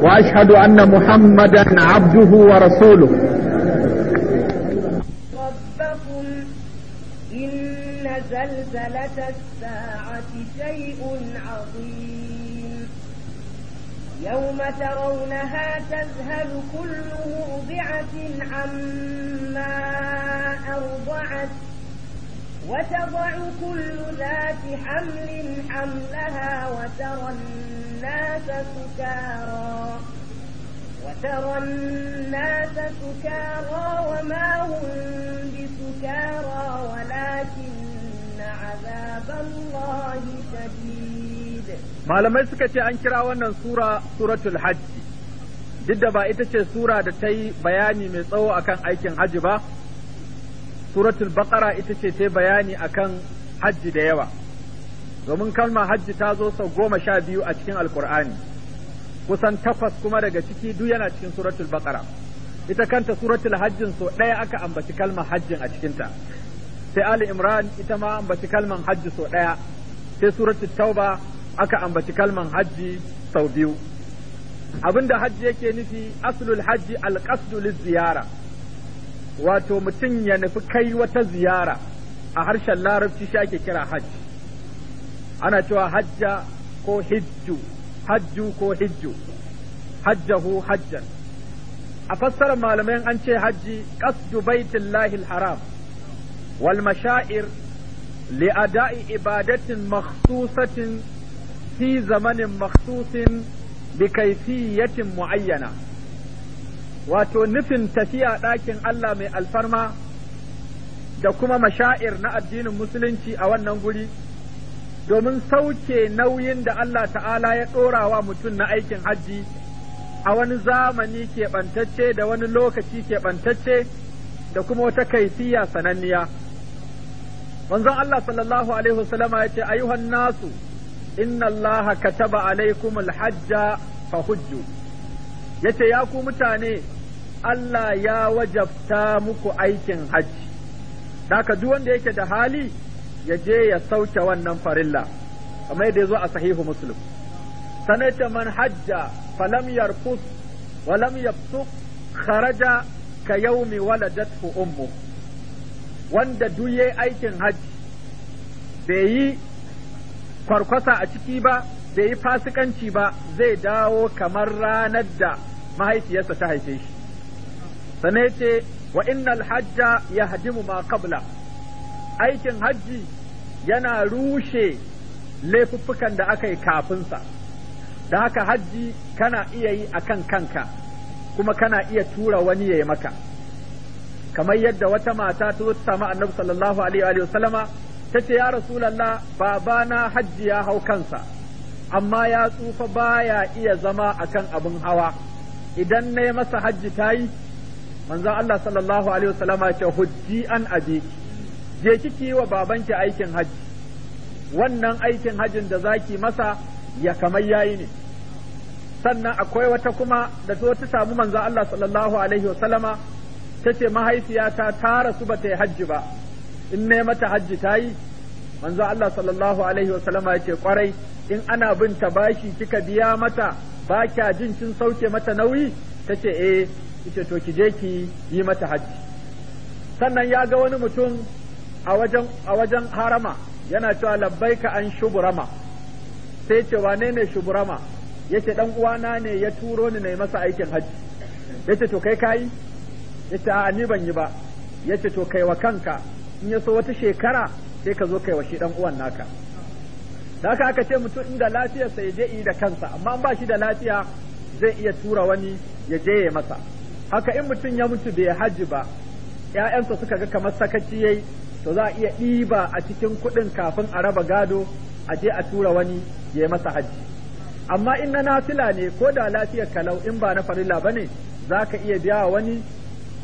واشهد ان محمدا عبده ورسوله ربكم ان زلزله الساعه شيء عظيم يوم ترونها تذهل كل مرضعه عما ارضعت وتضع كل ذات حمل حملها وترى الناس سكارى وترى الناس سكارى وما هم بسكارى ولكن عذاب الله شديد malamai suka ce an kira wannan sura suratul hajji duk ba ita ce sura da ta yi bayani mai tsawo akan aikin hajji ba suratul baqara ita ce ta bayani akan hajji da yawa domin kalma hajji ta zo sau goma sha biyu a cikin alkur'ani kusan takwas kuma daga ciki duk yana cikin suratul baqara ita kanta suratul hajjin so ɗaya aka ambaci kalmar hajjin a cikinta sai ali imran ita ma ambaci kalman hajji so ɗaya sai suratul tauba aka ambaci kalman hajji sau biyu abinda hajji yake nufi aslul hajji alqasdu liziyara ziyara wato mutum ya nufi kai wata ziyara a harshen larabci shi ake kira hajj ana cewa hajja ko hijju hajju ko hijju hajjahu hajjan a fassarar malamai an ce hajji qasdu baitillahi alharam wal mashaa'ir li ada'i ibadatin makhsusatin fi zamanin makhsusin bi kayfiyatin muayyana wato nufin tafiya ɗakin Allah mai alfarma da kuma masha'ir na addinin musulunci a wannan guri domin sauke nauyin da Allah ta'ala ya ɗora wa mutum na aikin hajji a wani zamani keɓantacce da wani lokaci keɓantacce da kuma wata kaifiya sananniya. Manzon Allah sallallahu Alaihi wasallama ya ce, Ayuhan nasu, inna Allah kataba alaikum alhajja fa hujju. Ya ce, Ya ku mutane, Allah ya wajabta muku aikin hajji daga duk wanda yake da hali ya je ya sauke wannan farilla kamar yadda zo a sahihu muslim sanata man hajja falam wa walam yafsuq kharaja ka yaumi waladathu ummu wanda duk yayi aikin hajji bai yi kwarkwasa a ciki ba bai yi fasikanci ba zai dawo kamar ranar da mahaifiyarsa ta haife shi sannan ce wa innal hajja yahdimu ma qabla aikin hajji yana rushe laifuffukan da aka yi kafin sa da haka hajji kana iya yi akan kanka kuma kana iya tura wani yayi maka kamar yadda wata mata ta zo ta samu annabi sallallahu alaihi wa sallama ta ce ya rasulallah babana hajji ya hau kansa amma ya tsufa baya iya zama akan abin hawa idan na masa hajji tayi. manzon Allah sallallahu alaihi wasallama ya ce hujji an abi je kiki wa babanki aikin hajji wannan aikin hajjin da zaki masa ya kamar yayi ne sannan akwai wata kuma da zo ta samu manzon Allah sallallahu alaihi wasallama ta ce mahaifiyata ta rasu ba ta yi hajji ba in ne mata hajji ta yi manzon Allah sallallahu alaihi wasallama ya ce kwarai in ana bin ta bashi kika biya mata ba kya jin cin sauke mata nauyi tace eh yace to ki je ki yi mata hajji sannan ya ga wani mutum a wajen a wajen harama yana cewa labbaika an shuburama sai ce wane ne shuburama yace dan uwana ne ya turo ni ne masa aikin hajji yace to kai kai yace a ni ban yi ba yace to kai wa kanka in ya so wata shekara sai ka zo kai wa shi dan uwan naka da haka aka ce mutum inda lafiyarsa ya je yi da kansa amma an ba shi da lafiya zai iya tura wani ya je ya masa haka in mutum ya mutu bai haji ba ‘ya'yansa suka ga kamar sakaci yayi to za a iya ɗiba a cikin kuɗin kafin a raba gado a je a tura wani ya yi masa haji amma in na nafila ne ko da lafiyar kalau in ba na farilla ba ne za ka iya biya wani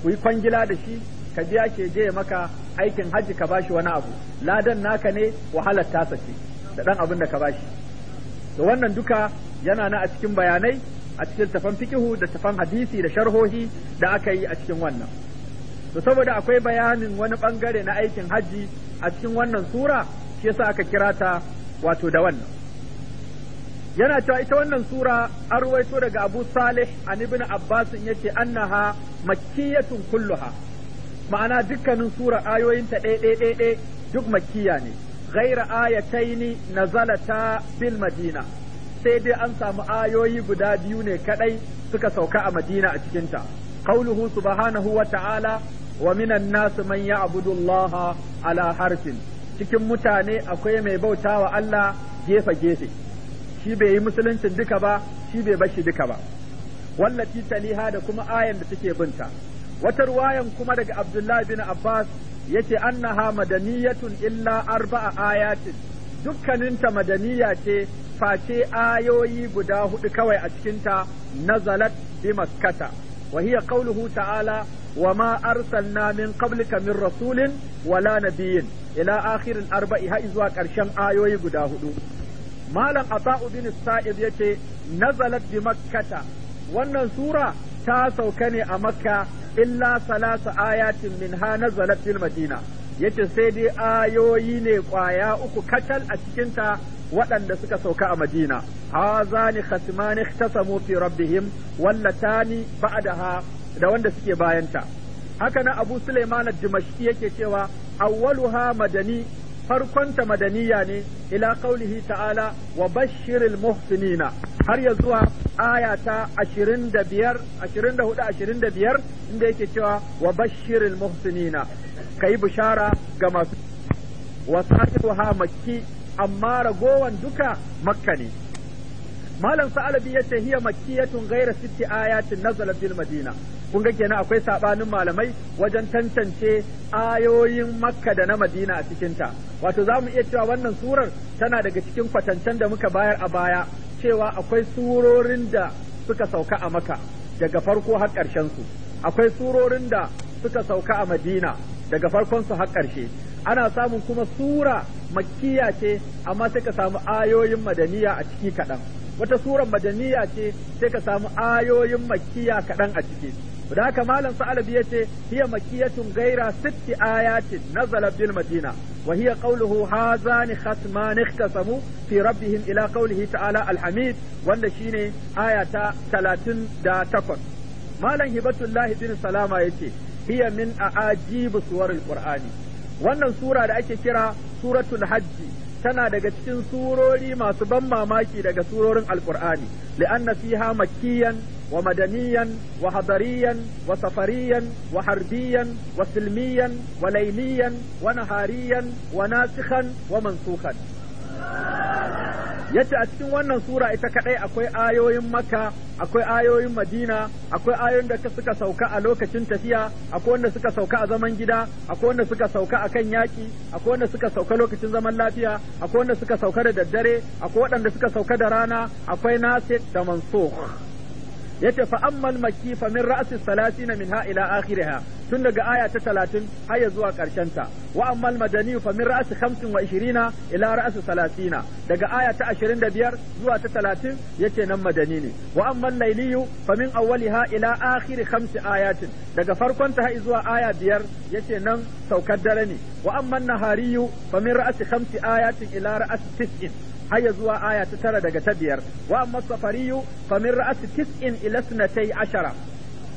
ku yi kwangila da shi ka biya ke je maka aikin haji ka bashi wani abu ladan naka ne wahalar tasa ce da ɗan abin da ka bashi to wannan duka yana na a cikin bayanai a cikin tafan fikihu da tafan hadisi da sharhohi da aka yi a cikin wannan to saboda akwai bayanin wani bangare na aikin haji a cikin wannan sura shi yasa aka kira ta wato da wannan yana cewa ita wannan sura an ruwaito daga Abu Salih an ibn Abbas yace annaha makkiyatun kulluha ma'ana dukkanin sura ayoyinta ɗaya ɗaya duk makkiya ne ghaira ayataini nazalata bil madina sai dai an samu ayoyi guda biyu ne kadai suka sauka a Madina a cikinta qauluhu subhanahu wa ta'ala wa minan nasu man ya'budu Allah ala harfin cikin mutane akwai mai bautawa Allah gefe gefe shi bai yi musuluncin duka ba shi bai bashi duka ba wallati taliha da kuma ayan da take binta wata ruwayan kuma daga Abdullahi bin Abbas yace annaha madaniyatun illa arba'a ayatin dukkaninta madaniya ce face ayoyi guda hudu kawai a cikinta nazalat bi makkata wa hiya qawluhu ta'ala wa ma arsalna min qablika min rasulin wala nabiyyin ila akhir al-arba'i har zuwa karshen ayoyi guda hudu malam ata'u bin sa'id yace nazalat bi makkata wannan sura ta sauka ne a makka illa salasa ayatin minha nazalat bil madina yace sai dai ayoyi ne kwaya uku kacal a cikinta waɗanda suka sauka a Madina hazani khasmani ikhtasamu fi rabbihim wallatani ba'daha da wanda suke bayanta haka na Abu Sulaiman ad-Dimashqi yake cewa awwaluha madani farkonta madaniya ne ila kaulihi ta'ala wa bashiril muhsinina har ya zuwa aya ta 24 25 inda yake cewa wa bashiril muhsinina yi bishara ga masu wasaituha makki amma ragowan duka makka ne malam sa'alabi ya ce hiya makkiyatun ghayra sitti ayatin nazala bil madina kun ga kenan akwai sabanin malamai wajen tantance ayoyin makka da na madina a cikin ta wato za mu iya cewa wannan surar tana daga cikin kwatancen da muka bayar a baya cewa akwai surorin da suka sauka a makka daga farko har ƙarshen su akwai surorin da suka sauka a madina daga farkon su har ƙarshe ana samun kuma sura makkiya ce amma suka samu ayoyin madaniya a ciki kaɗan wata surar madaniya ce sai ka samu ayoyin makkiya kaɗan a ciki da haka malam sa'alabi ya ce hiya makiyatun gaira sitti ayatin nazala bil madina wa hiya qawluhu hazani khatman ikhtasamu fi rabbihim ila qawlihi ta'ala alhamid wanda shine aya ta takwas. malam hibatullahi bin salama yace hiya min a'ajib suwaril qur'ani wannan sura da ake kira suratul hajji tana daga cikin surori masu ban mamaki daga surorin alkur'ani li'anna fiha makkiyan wa madaniyan wa hadariyan wa safariyan wa harbiyan wa silmiyan wa layliyan wa nahariyan wa nasikhan wa mansukhan yace a cikin wannan sura ita kadai akwai ayoyin makka akwai ayoyin madina akwai ayoyin da suka sauka a lokacin tafiya akwai wanda suka sauka a zaman gida akwai wanda suka sauka a kan yaƙi akwai wanda suka sauka lokacin zaman lafiya akwai wanda suka sauka da daddare akwai waɗanda suka sauka da rana akwai nasir da mansukh yace fa ammal makki fa min ra'si salatina min ha ila akhiriha tun daga aya ta 30 har zuwa karshen ta wa ammal madani fa min ra'si 25 ila ra'si salatina daga aya ta 25 zuwa ta 30 yace nan madani ne wa ammal layliyu fa min awwaliha ila akhir khams ayatin daga farkon ta har zuwa aya biyar yace nan saukar dare ne wa ammal nahariyu fa min ra'si 5 ayatin ila ra'si 90 har zuwa aya ta tara daga ta biyar wa amma safariyu fa min ra'asi tis'in ila sunatai ashara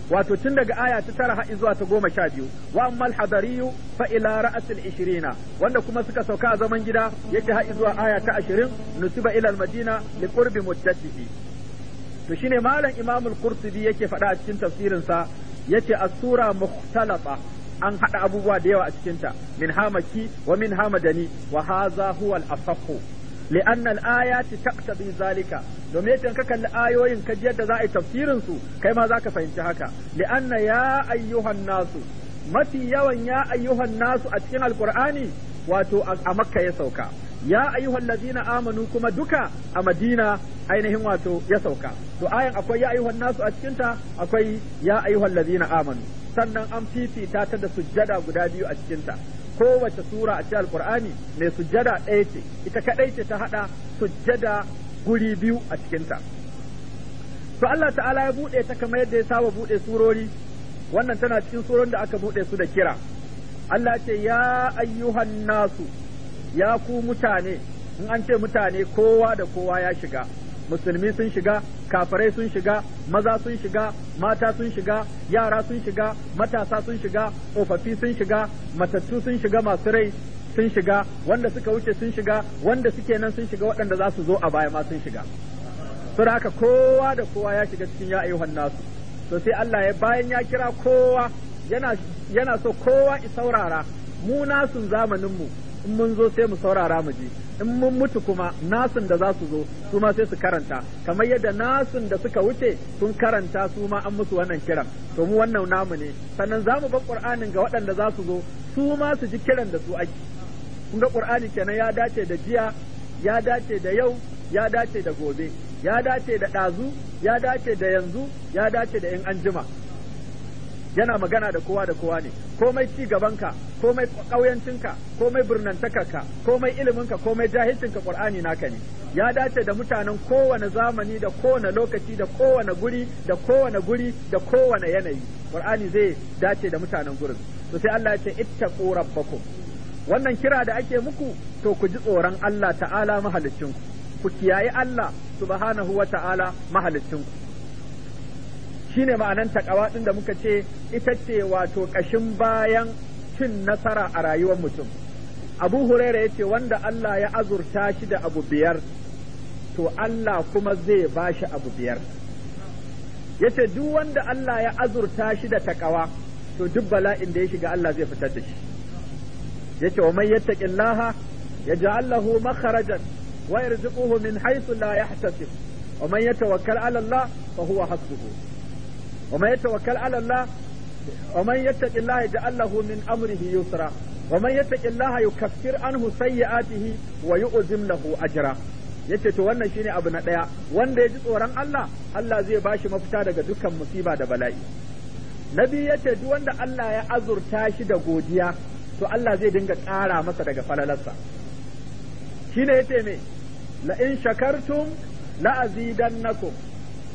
wato tun daga aya ta tara har zuwa ta goma sha biyu wa amma al-hadariyu fa ila al ishirina wanda kuma suka sauka a zaman gida yake har zuwa aya ta ashirin nusiba ila al-madina li qurbi muddatihi to shine malam imam al-qurtubi yake faɗa a cikin tafsirin sa yace as-sura mukhtalafa an haɗa abubuwa da yawa a cikinta min hamaki wa min hamadani wa haza huwa al-asahhu لأن الآيات تقتضي ذلك domin yakan ka kalli ayoyin ka da za a yi su kai ma zaka fahimci haka li'anna ya ayyuhan nasu mafi yawan ya ayyuhan nasu a cikin alqur'ani wato a makka ya sauka ya ayyuhan ladina amanu kuma duka a madina ainihin wato ya sauka to ayan akwai ya ayyuhan nasu a cikinta akwai ya ayyuhan ladina amanu sannan an fifita ta da sujjada guda biyu a cikinta. kowace sura a cikin alkur'ani mai sujjada ɗaya ce ita kaɗai ce ta haɗa sujjada guri biyu a cikinta to Allah ta'ala ya buɗe ta kamar yadda ya saba buɗe surori wannan tana cikin surorin da aka buɗe su da kira Allah ce ya ayyuhan nasu ya ku mutane in an ce mutane kowa da kowa ya shiga musulmi sun shiga kafirai sun shiga maza sun shiga mata sun shiga yara sun shiga matasa sun shiga tsofaffi sun shiga matattu sun shiga masu rai sun shiga wanda suka wuce sun shiga wanda suke nan sun shiga waɗanda za su zo a baya ma sun shiga saboda haka kowa da kowa ya shiga cikin ya ayyuhan nasu to sai Allah ya bayan ya kira kowa yana yana so kowa i saurara mu nasun zamanin mu in mun zo sai mu saurara mu je in mun mutu kuma nasun da za su zo su ma sai su karanta kamar yadda nasun da suka wuce sun karanta su ma an musu wannan kiran to mu wannan namu ne sannan za mu bar qur'anin ga waɗanda za su zo su ma su ji kiran da su ake kun ga qur'ani kenan ya dace da jiya ya dace da yau ya dace da gobe ya dace da ɗazu ya dace da yanzu ya dace da in anjima yana magana da kowa da kowa ne komai ci gabanka komai ƙauyancinka komai birnantakarka komai iliminka komai jahilcinka qur'ani naka ne ya dace da mutanen kowane zamani da kowane lokaci da kowane guri da kowane guri da kowane yanayi qur'ani zai dace da mutanen gurin to sai Allah ya ce ittaqu rabbakum wannan kira da ake muku to ku ji tsoron Allah ta'ala mahaliccinku ku kiyaye Allah subhanahu wa ta'ala mahaliccinku Shi ne ma'anan takawa ɗin da muka ce ita ce wato ƙashin bayan cin nasara a rayuwar mutum abu huraira yace wanda Allah ya azurta shi da abu biyar to Allah kuma zai ba shi abu biyar yace duk wanda Allah ya azurta shi da taƙawa to duk bala'in da ya shiga Allah zai fitar da shi yace wa man ya yaj'al lahu makharajan wa yarzuquhu min haythu la yahtasib wa man yatawakkal 'ala Allah fa huwa hasbuhu ومن يتوكل على الله ومن يتق الله يجعل له من امره يسرا ومن يتق الله يكفر عنه سيئاته ويؤذم له اجرا yace to wannan shine abu na ɗaya. wanda ya ji tsoron Allah Allah zai bashi mafita daga dukkan musiba da bala'i na biyu yace duk wanda Allah ya azurta shi da godiya to Allah zai dinga ƙara masa daga falalarsa shine yace me la in shakartum la azidannakum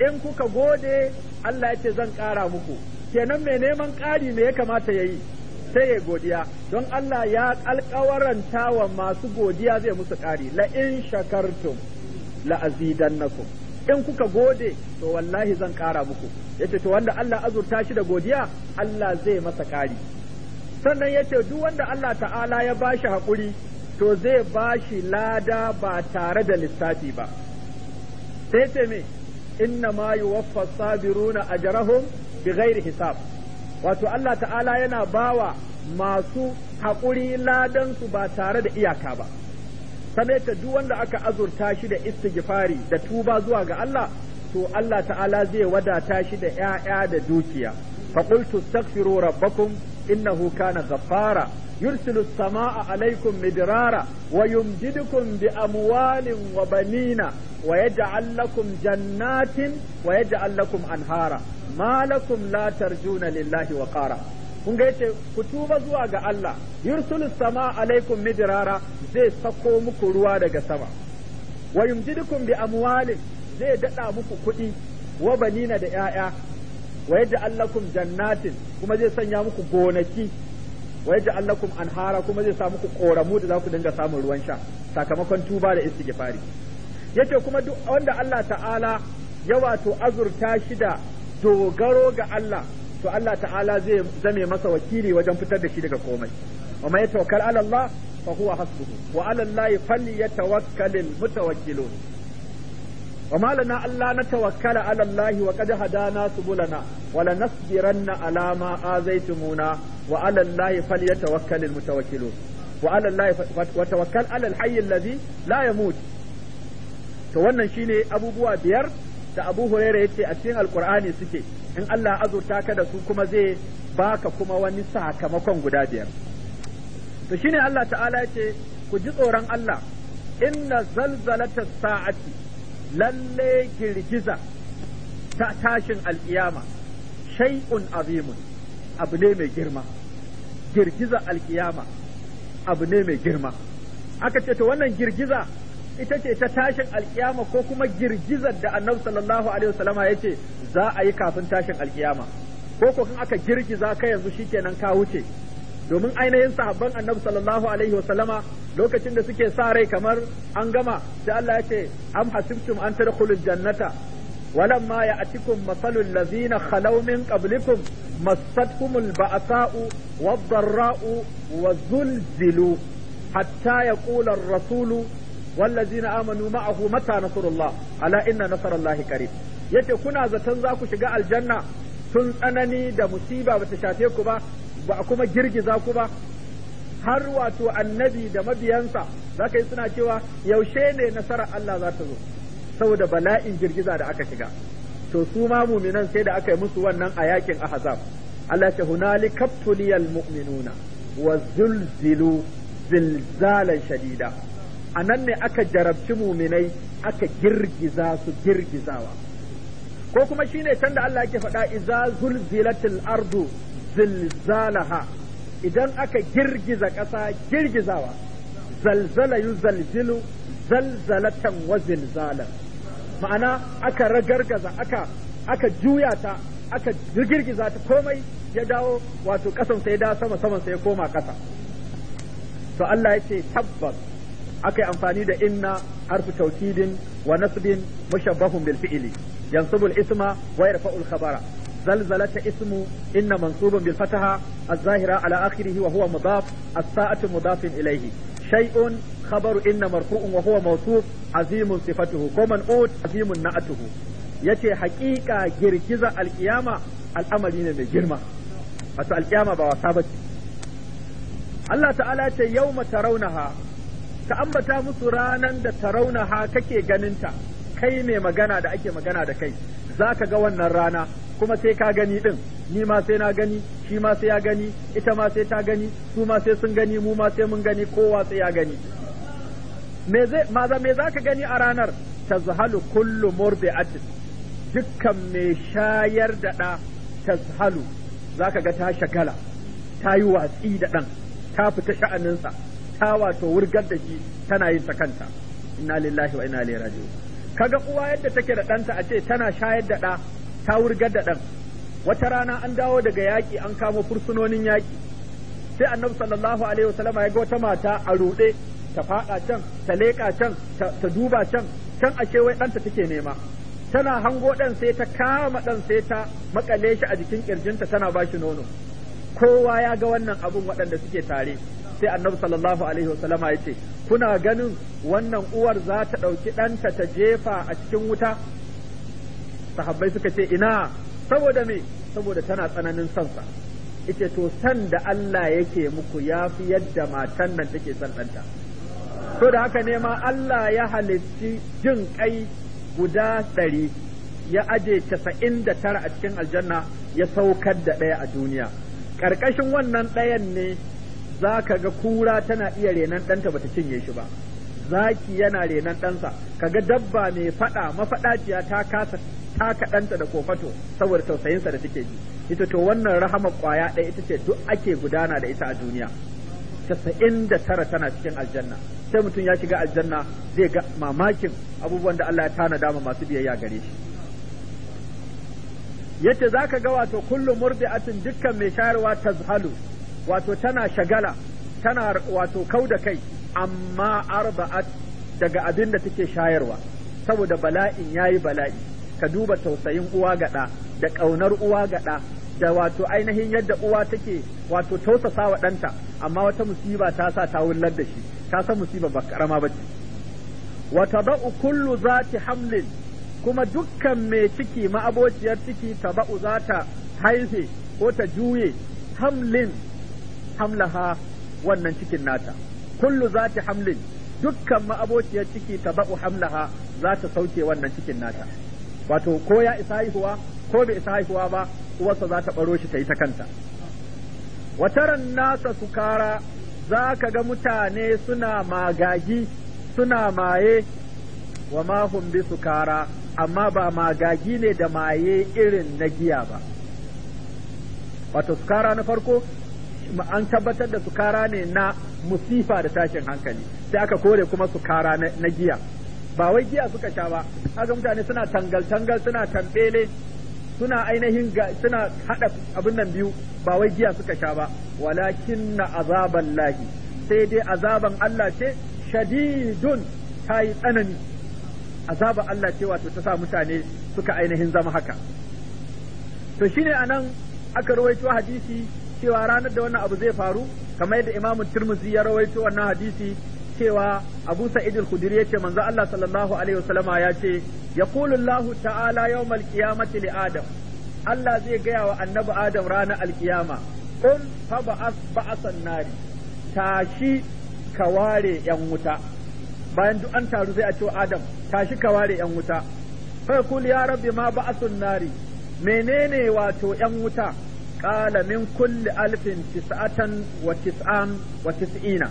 in kuka gode Allah ya ce zan ƙara muku kenan mai neman ƙari me ya kamata ya yi sai ya godiya don Allah ya alƙawaranta wa masu godiya zai musu ƙari la in shakartum la azidannakum in kuka gode to wallahi zan ƙara muku yace to wanda Allah azurta shi da godiya Allah zai masa ƙari sannan yace duk wanda Allah ta'ala ya bashi hakuri to zai bashi lada ba tare da lissafi ba sai ce me inna ma yuwaffa sabiruna ajrahum bighairi hisab wato Allah ta'ala yana bawa masu haƙuri ladan su ba tare da iyaka ba sanai ta duk wanda aka azurta shi da istighfari da tuba zuwa ga Allah to Allah ta'ala zai wadata shi da ƴaƴa da dukiya fa qultu astaghfiru rabbakum innahu kana ghaffara yursilu as-samaa'a 'alaykum midrara wa yumdidukum bi amwalin wa banina wa yaj'al lakum jannatin wa yaj'al lakum anhara ma lakum la tarjuna lillahi wa qara kun ga yace ku tuba zuwa ga Allah yursilu as-samaa'a 'alaykum midrara zai sako muku ruwa daga sama wa yumdidukum bi amwalin zai daɗa muku kuɗi wa banina da 'ya'ya wa yadda jannatin kuma zai sanya muku gonaki wa yaj'al anhara kuma zai sa muku koramu da za ku dinga samun ruwan sha sakamakon tuba da istighfari yace kuma duk wanda Allah ta'ala ya wato azurta shi da dogaro ga Allah to Allah ta'ala zai zame masa wakili wajen fitar da shi daga komai wa man tawakkal ala Allah fa huwa hasbuhu wa ala Allah falyatawakkalul mutawakkilun وما لنا ألا نتوكل على الله وقد هدانا سبلنا ولنصبرن على ما آذيتمونا وعلى الله فليتوكل المتوكلون وعلى الله وتوكل على الحي الذي لا يموت to wannan shine abubuwa biyar da Abu Huraira yace a cikin Alkur'ani suke in Allah azurta ka da su kuma zai baka kuma wani sakamakon guda biyar to shine Allah ta'ala yace ku ji tsoron Allah inna zalzalata sa'ati lalle girgiza ta tashin alkiyama shay'un azimun abu ne mai girma girgiza alkiyama abu ne mai girma aka ce to wannan girgiza ita ce ta tashin alkiyama ko kuma girgizar da annabi sallallahu alaihi wasallama ya ce za a yi kafin tashin alkiyama ko ko aka girgiza ka yanzu shi shikenan ka wuce domin ainihin sahabban annabi sallallahu alaihi wasallama lokacin da suke sa rai kamar an gama sai Allah yake ce am hasibtum an tadkhulul jannata ولما يأتكم مثل الذين خلوا من قبلكم مستهم البأساء والضراء وزلزلوا حتى يقول الرسول والذين آمنوا معه متى نصر الله ألا إن نصر الله قريب kuna zaton za shiga aljanna tun tsanani da musiba ku ba ba kuma girgiza ku ba har wato annabi da mabiyansa za ka yi suna cewa yaushe ne nasarar Allah za ta zo saboda bala'in girgiza da aka shiga to su ma muminan sai da aka yi musu wannan a yakin ahzab Allah ce hunali kaptuliyal mu'minuna wa zulzilu zilzalan shadida a nan ne aka jarabci muminai aka girgiza su girgizawa ko kuma shine can da Allah yake faɗa iza zulzilatil ardu zilzalaha idan aka girgiza ƙasa girgizawa zalzala zalzilu zalzalatan wa zilzalan ma'ana aka ragargaza aka aka juya ta aka girgiza ta komai ya dawo wato kasan sai da sama saman sai ya koma kasa to Allah ya ce tabbas aka yi amfani da inna harfu taukidin wa nasbin mushabbahun bil fi'li yansubu al isma wa yarfa'u al khabara زلزلة اسم إن منصوب بالفتحة الظاهرة على آخره وهو مضاف الساعة مضاف إليه شيء خبر إن مرفوع وهو موصوف عظيم صفته كمن أوت عظيم نعته yace hakika girgiza alkiyama al'amari ne mai girma wato alkiyama ba wasa bace Allah ta'ala ce yawma tarawnaha ka ambata musu ranan da tarawnaha kake ganinta kai mai magana da ake magana da kai ka ga wannan rana kuma sai ka gani din ni ma sai na gani shi ma sai ya gani ita ma sai ta gani su ma sai sun gani mu ma sai mun gani kowa sai ya gani me zai maza me zaka gani a ranar tazhalu kullu murdi'atin dukkan mai shayar da da tazhalu zaka ga ta shagala ta yi watsi da ɗan ta fita sha'aninsa ta wato wurgar da shi tana yin ta kanta inna lillahi wa inna ilaihi raji'un kaga uwa yadda take da ɗanta a ce tana shayar da ɗa ta wurgar da ɗan wata rana an dawo daga yaƙi an kamo fursunonin yaƙi sai annabi sallallahu alaihi wasallama ya ga wata mata a ruɗe ta faɗa can ta leƙa can ta duba can can ashe wai ɗanta take nema tana hango ɗan sai ta kama ɗan sai ta makale shi a jikin ƙirjinta tana ba shi nono kowa ya ga wannan abun waɗanda suke tare sai annabi sallallahu alaihi wasallama ya ce kuna ganin wannan uwar za ta ɗauki ɗanta ta jefa a cikin wuta sahabbai suka ce ina saboda me saboda tana tsananin sansa sa yace to san da Allah yake muku yafi yadda matan nan take son ɗanta to da haka ne ma Allah ya halitti jin kai guda ɗari ya aje casa'in da tara a cikin aljanna ya saukar da ɗaya a duniya ƙarƙashin wannan ɗayan ne za ka ga kura tana iya renon ɗanta bata cinye shi ba zaki yana renon ɗansa kaga dabba mai faɗa mafaɗaciya ta kasa ta kaɗanta da kofato saboda tausayinsa da take ji ita to wannan rahama ƙwaya ɗaya ita ce duk ake gudana da ita a duniya casa'in da tara tana cikin aljanna sai mutum ya shiga aljanna zai ga mamakin abubuwan da Allah ya tanada ma masu biyayya gare shi yace zaka ga wato kullu murdi'atin dukkan mai shayarwa tazhalu wato tana shagala tana wato kau da kai amma arba'at daga abin da take shayarwa saboda bala'in yayi bala'i ka duba tausayin uwa gaɗa da ƙaunar uwa gaɗa da wato ainihin yadda uwa take wato tausasa wa ɗanta amma wata musiba ta sa ta wullar da shi ta san musiba ba karama ba ce wa tada'u kullu zati hamlin kuma dukkan mai ciki ma'abociyar ciki taba'u za ta haife ko ta juye hamlin hamlaha wannan cikin nata kullu zati hamlin dukkan ma'abociyar ciki ta ba'u hamlaha za ta sauke wannan cikin nata wato ko ya isa haihuwa ko bai isa haihuwa ba uwarsa za ta baro shi ta yi ta kanta wataran nasa sukara za ka ga mutane suna magagi suna maye wa mahun bi sukara amma ba magagi ne da maye irin na giya ba wato sukara na farko an tabbatar da sukara ne na musifa da tashin hankali sai aka kore kuma sukara na giya ba wai giya suka sha ba haka mutane suna tangal tangal suna tambele suna ainihin suna hada abin nan biyu ba wai giya suka sha ba walakin na azaban lahi sai dai azaban Allah ce shadidun ta yi tsanani azaban Allah ce wato ta sa mutane suka ainihin zama haka to shine anan aka rawaito hadisi cewa ranar da wannan abu zai faru kamar yadda Imam Tirmidhi ya rawaito wannan hadisi cewa Abu Sa'id al-Khudri yace manzo Allah sallallahu alaihi wasallama yace yaqulu Allah ta'ala al qiyamati li Adam Allah zai gaya wa annabi Adam ranar al-qiyama kun fa ba'as ba'asan nari tashi ka ware yan wuta bayan duk an taru zai a ce Adam tashi ka ware yan wuta fa kul ya rabbi ma ba'asun nari menene wato yan wuta qala min kulli alfin tis'atan wa tis'an wa tis'ina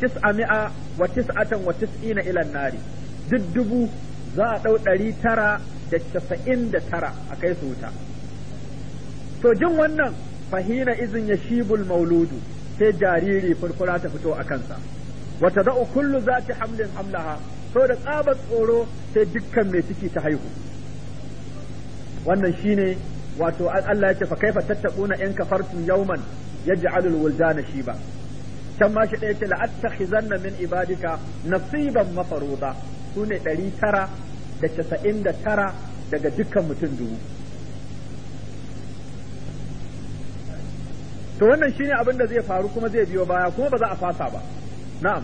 tis'a mi'a wa tis'atan wa tis'ina ila nari duk dubu za a ɗau ɗari tara da casa'in da tara a kai su wuta to wannan fahina izin ya shibul mauludu sai jariri furfura ta fito a kansa wata za'u kullu za ta hamlin amlaha sau da tsabar tsoro sai dukkan mai ciki ta haihu wannan shine wato Allah ya ce fa kaifa tattaquna in kafartum yawman yaj'alul wuldana shiba can ma shi da yake la'attakhizanna min ibadika nasiban mafaruda da tara daga dukkan mutum dubu to wannan shine abin da zai faru kuma zai biyo baya kuma ba za a fasa ba na'am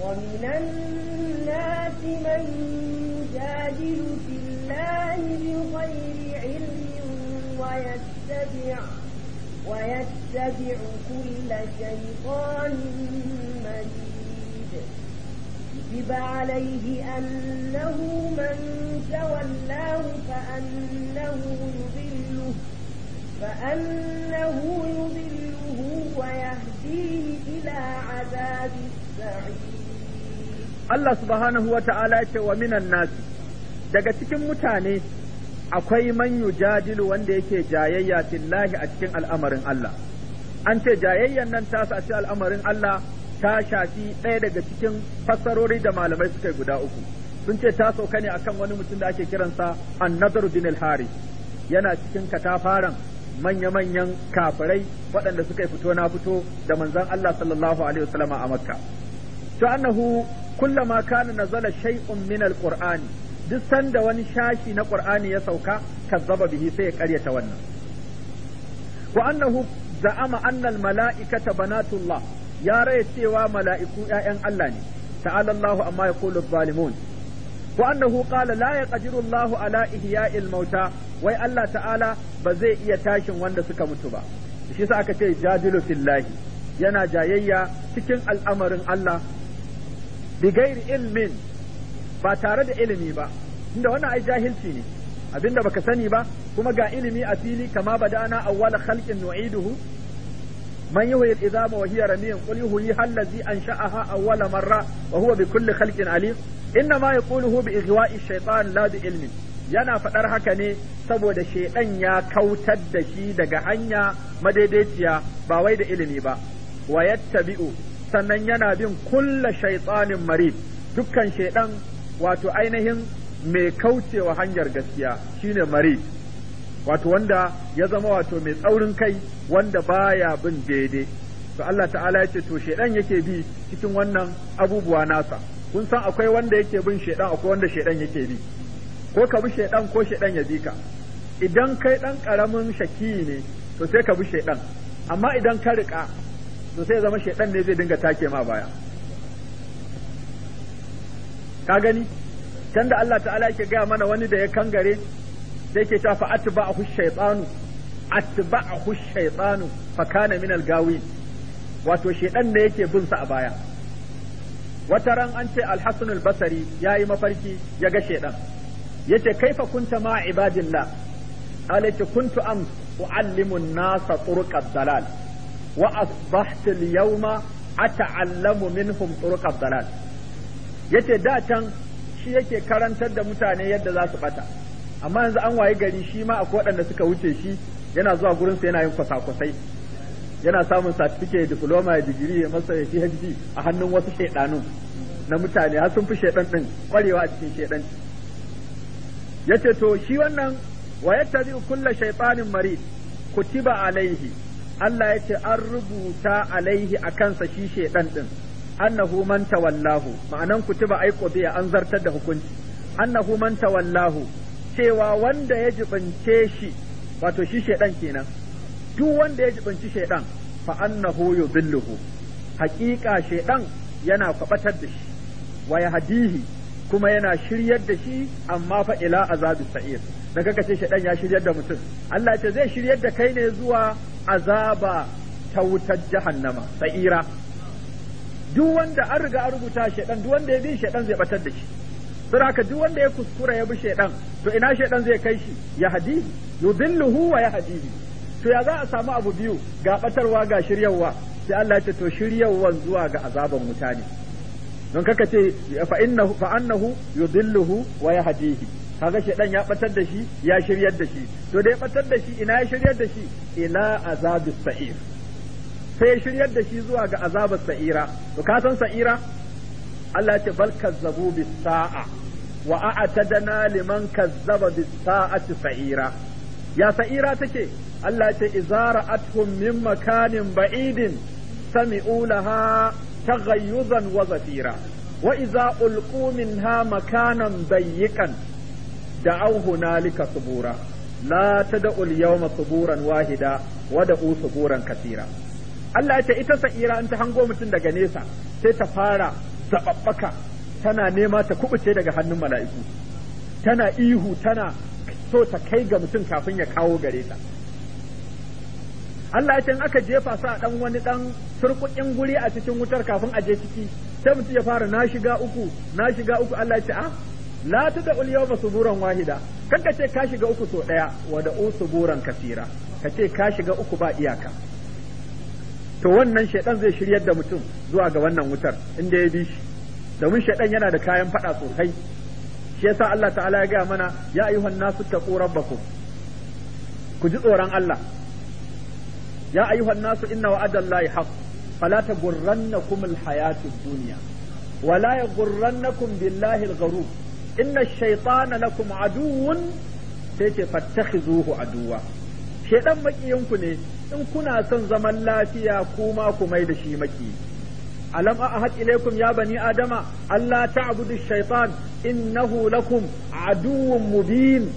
ومن الناس من يجادل في الله بغير علم ويتبع ويتبع كل شيطان مريد كتب عليه أنه من تولاه فأنه يضله فأنه يضله ويهديه إلى عذاب السعير Allah subhanahu wa ta'ala ya ce wa minan nasi daga cikin mutane akwai man yujadilu wanda yake jayayya fillahi a cikin al'amarin Allah an ce jayayyan nan ta sa al'amarin Allah ta shafi ɗaya daga cikin fassarori da malamai suka guda uku sun ce ta sauka ne akan wani mutum da ake kiransa annadaru bin al-hari yana cikin katafaren manya-manyan kafirai waɗanda suka fito na fito da manzon Allah sallallahu alaihi wasallama a Makka to annahu kullama kana nazala shay'un min duk sanda wani shashi na qur'ani ya sauka kazzaba bihi sai ya karyata wannan wa annahu za'ama anna banatullah ya raya cewa mala'iku ƴaƴan Allah ne ta'ala Allahu amma yaqulu adh-dhalimun wa annahu qala la yaqdiru Allahu ala ihya'i al-mauta wai Allah ta'ala ba zai iya tashin wanda suka mutu ba shi sa aka ce jadilu fillahi yana jayayya cikin al'amarin Allah bi gairi ilmin ba tare da ilimi ba inda wannan ai jahilci ne abinda baka sani ba kuma ga ilimi a fili kama badana awwala khalqin nu'iduhu man yuhyi al-idama wa hiya ramiyun qul yuhyi allazi ansha'aha awwala marra wa huwa bi kulli khalqin alim inna ma yaquluhu bi ighwa'i shaytan la bi ilmin yana fadar haka ne saboda shaydan ya kautar da shi daga hanya madaidaiciya ba wai da ilimi ba wa yattabi'u sannan yana bin kulla shaitanin marid dukkan shaidan wato ainihin mai kaucewa hanyar gaskiya shine marid wato wanda ya zama wato mai tsaurin kai wanda baya bin daidai to Allah ta'ala ya ce to shaidan yake bi cikin wannan abubuwa nasa kun san akwai wanda yake bin shaidan akwai wanda shaidan yake bi ko ka bi shaidan ko shaidan ya bi ka idan kai dan karamin shaki ne to sai ka bi shaidan amma idan ka rika to sai zama shaidan ne zai dinga take ma baya ka gani can da Allah ta'ala yake gaya mana wani da ya kangare sai ke cewa fa atba'ahu shaytanu atba'ahu shaytanu fa kana min al-gawin wato shaidan ne yake bin sa a baya wata ran an ce al-hasan al-basri yayi mafarki ya ga shaidan yace kaifa kunta ma ibadillah qala kuntu am u'allimu an-nasa turuqad dalal wa asbahtu al-yawma ata'allamu minhum turuq ad-dalal yace da can shi yake karantar da mutane yadda za su bata amma yanzu an waye gari shi ma akwai waɗanda suka wuce shi yana zuwa gurin sa yana yin kwasa-kwasai yana samun certificate diploma ya digiri ya masa ya PhD a hannun wasu shaidanun na mutane har sun fi shaidan din kwarewa a cikin shaidan yace to shi wannan wa yattabi kullu shaytanin marid kutiba alaihi Allah ya ce an rubuta alaihi a kansa shi shaidan din annahu man tawallahu ma'anan kutuba ai biya an zartar da hukunci annahu man tawallahu cewa wanda ya jibince shi wato shi shaidan kenan duk wanda ya jibinci shaidan fa annahu yudilluhu haƙiƙa shaidan yana kwabatar da shi wa hadihi kuma yana shiryar da shi amma fa ila azabi sa'ir da kaka ce shaidan ya shiryar da mutum Allah ce zai shiryar da kai ne zuwa azaba ta wutar jahannama sa'ira duk wanda an riga an rubuta shaidan duk wanda ya bi shaidan zai batar da shi saboda haka duk wanda ya kuskura ya bi shaidan to ina shaɗan zai kai shi ya hadi yudilluhu wa ya to ya za a samu abu biyu ga batarwa ga shiryarwa sai Allah ce to shiryarwa zuwa ga azaban mutane don kaka ce fa innahu fa annahu yudilluhu wa yahdihi kaga shedan ya batar da shi ya shiryar da shi to da ya batar da shi ina ya shiryar da shi ila azabis sa'ir sai ya shiryar da shi zuwa ga azabar sa'ira to ka san sa'ira Allah ce bal kazzabu bis sa'a wa a'tadna liman kazzaba bis sa'ati sa'ira ya sa'ira take Allah ce izara athum min makanin ba'idin sami'u laha taghayyuzan wa zafira wa iza ulqu minha makanan dayyikan da'aw hunalika subura la tad'ul yawma suburan wahida wa da'u suburan katira Allah ya ce ita sa'ira in ta hango mutum daga nesa sai ta fara zababbaka tana nema ta kubuce daga hannun mala'iku tana ihu tana so ta kai ga mutum kafin ya kawo gare ta Allah ya in aka jefa sa dan wani dan surkukin guri a cikin wutar kafin a je ciki sai mutum ya fara na shiga uku na shiga uku Allah ya ce a la tada ul yawma suburan wahida kanka ce ka shiga uku so daya wa da suburan kasira ka ce ka shiga uku ba iyaka to wannan shaidan zai shiryar da mutum zuwa ga wannan wutar inda ya bi shi domin shaidan yana da kayan fada sosai shi yasa Allah ta'ala ya gaya mana ya ayyuhan nasu taqu rabbakum ku ji tsoron Allah ya ayyuhan nasu inna wa'adallahi haqq fala tagurrannakum alhayatud dunya wala yagurrannakum billahi algharur inna shaytana lakum aduwwun sai ce fattakhizuhu aduwa shedan ku ne in kuna son zaman lafiya kuma ku mai da shi maki alam ahad ilaikum ya bani adama alla abudu shaitan innahu lakum aduwwun mubin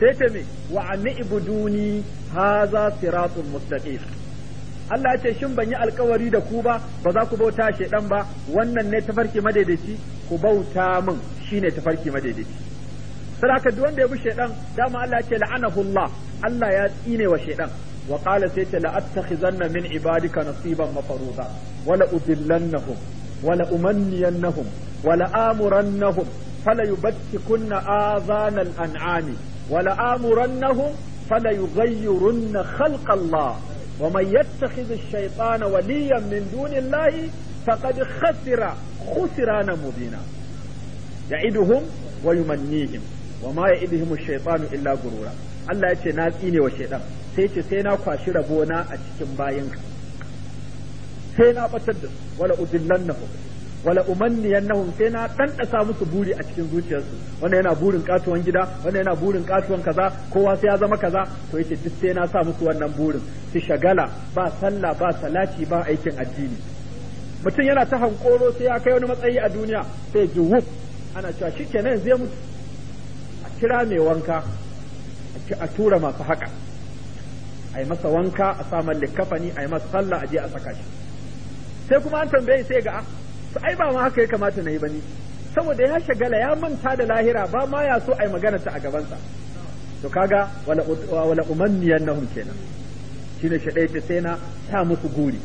sai ce me wa an ibuduni haza siratun mustaqim Allah ya ce shin ban yi alkawari da ku ba ba za ku bauta shedan ba wannan ne tafarki madaidaici ku bauta min shine tafarki madaidaici sai haka duk wanda ya bi shaydan dama Allah ya ce la'anahu Allah Allah ya tsine wa shaydan wa qala sai ta la'attakhizanna min ibadika nasiban mafruza wala udillannahum wala umanniyannahum wala amurannahum fala yubtikunna azana al-an'ami wala amurannahum fala yughayyirunna khalqa Allah ومن يتخذ الشيطان وليا من دون الله فقد خسر خسرانا مبينا ya'iduhum wa yumannihim wa ma ya'iduhum ash-shaytanu illa gurura Allah ya ce na tsine wa shaytan sai ce sai na kwashi rabona a cikin bayinka sai na batar da su wala udillannahu wala umanniyannahum sai na ɗanɗasa musu buri a cikin zuciyarsu wanda yana burin katuwan gida wanda yana burin katuwan kaza kowa sai ya zama kaza to yace duk sai na sa musu wannan burin su shagala ba sallah ba salati ba aikin addini mutum yana ta hankoro sai ya kai wani matsayi a duniya sai ji wuf ana cewa shi kenan zai mutu a kira mai wanka a tura masu haka a yi masa wanka a samun likafani a yi masa sallah a je a saka shi sai kuma an tambaye sai ga su ai ba ma haka ya kamata na yi ba ni saboda ya shagala ya manta da lahira ba ma ya so a yi magana ta a gabansa to kaga wala umanniyan nahum kenan shine shi ta sai na ta musu guri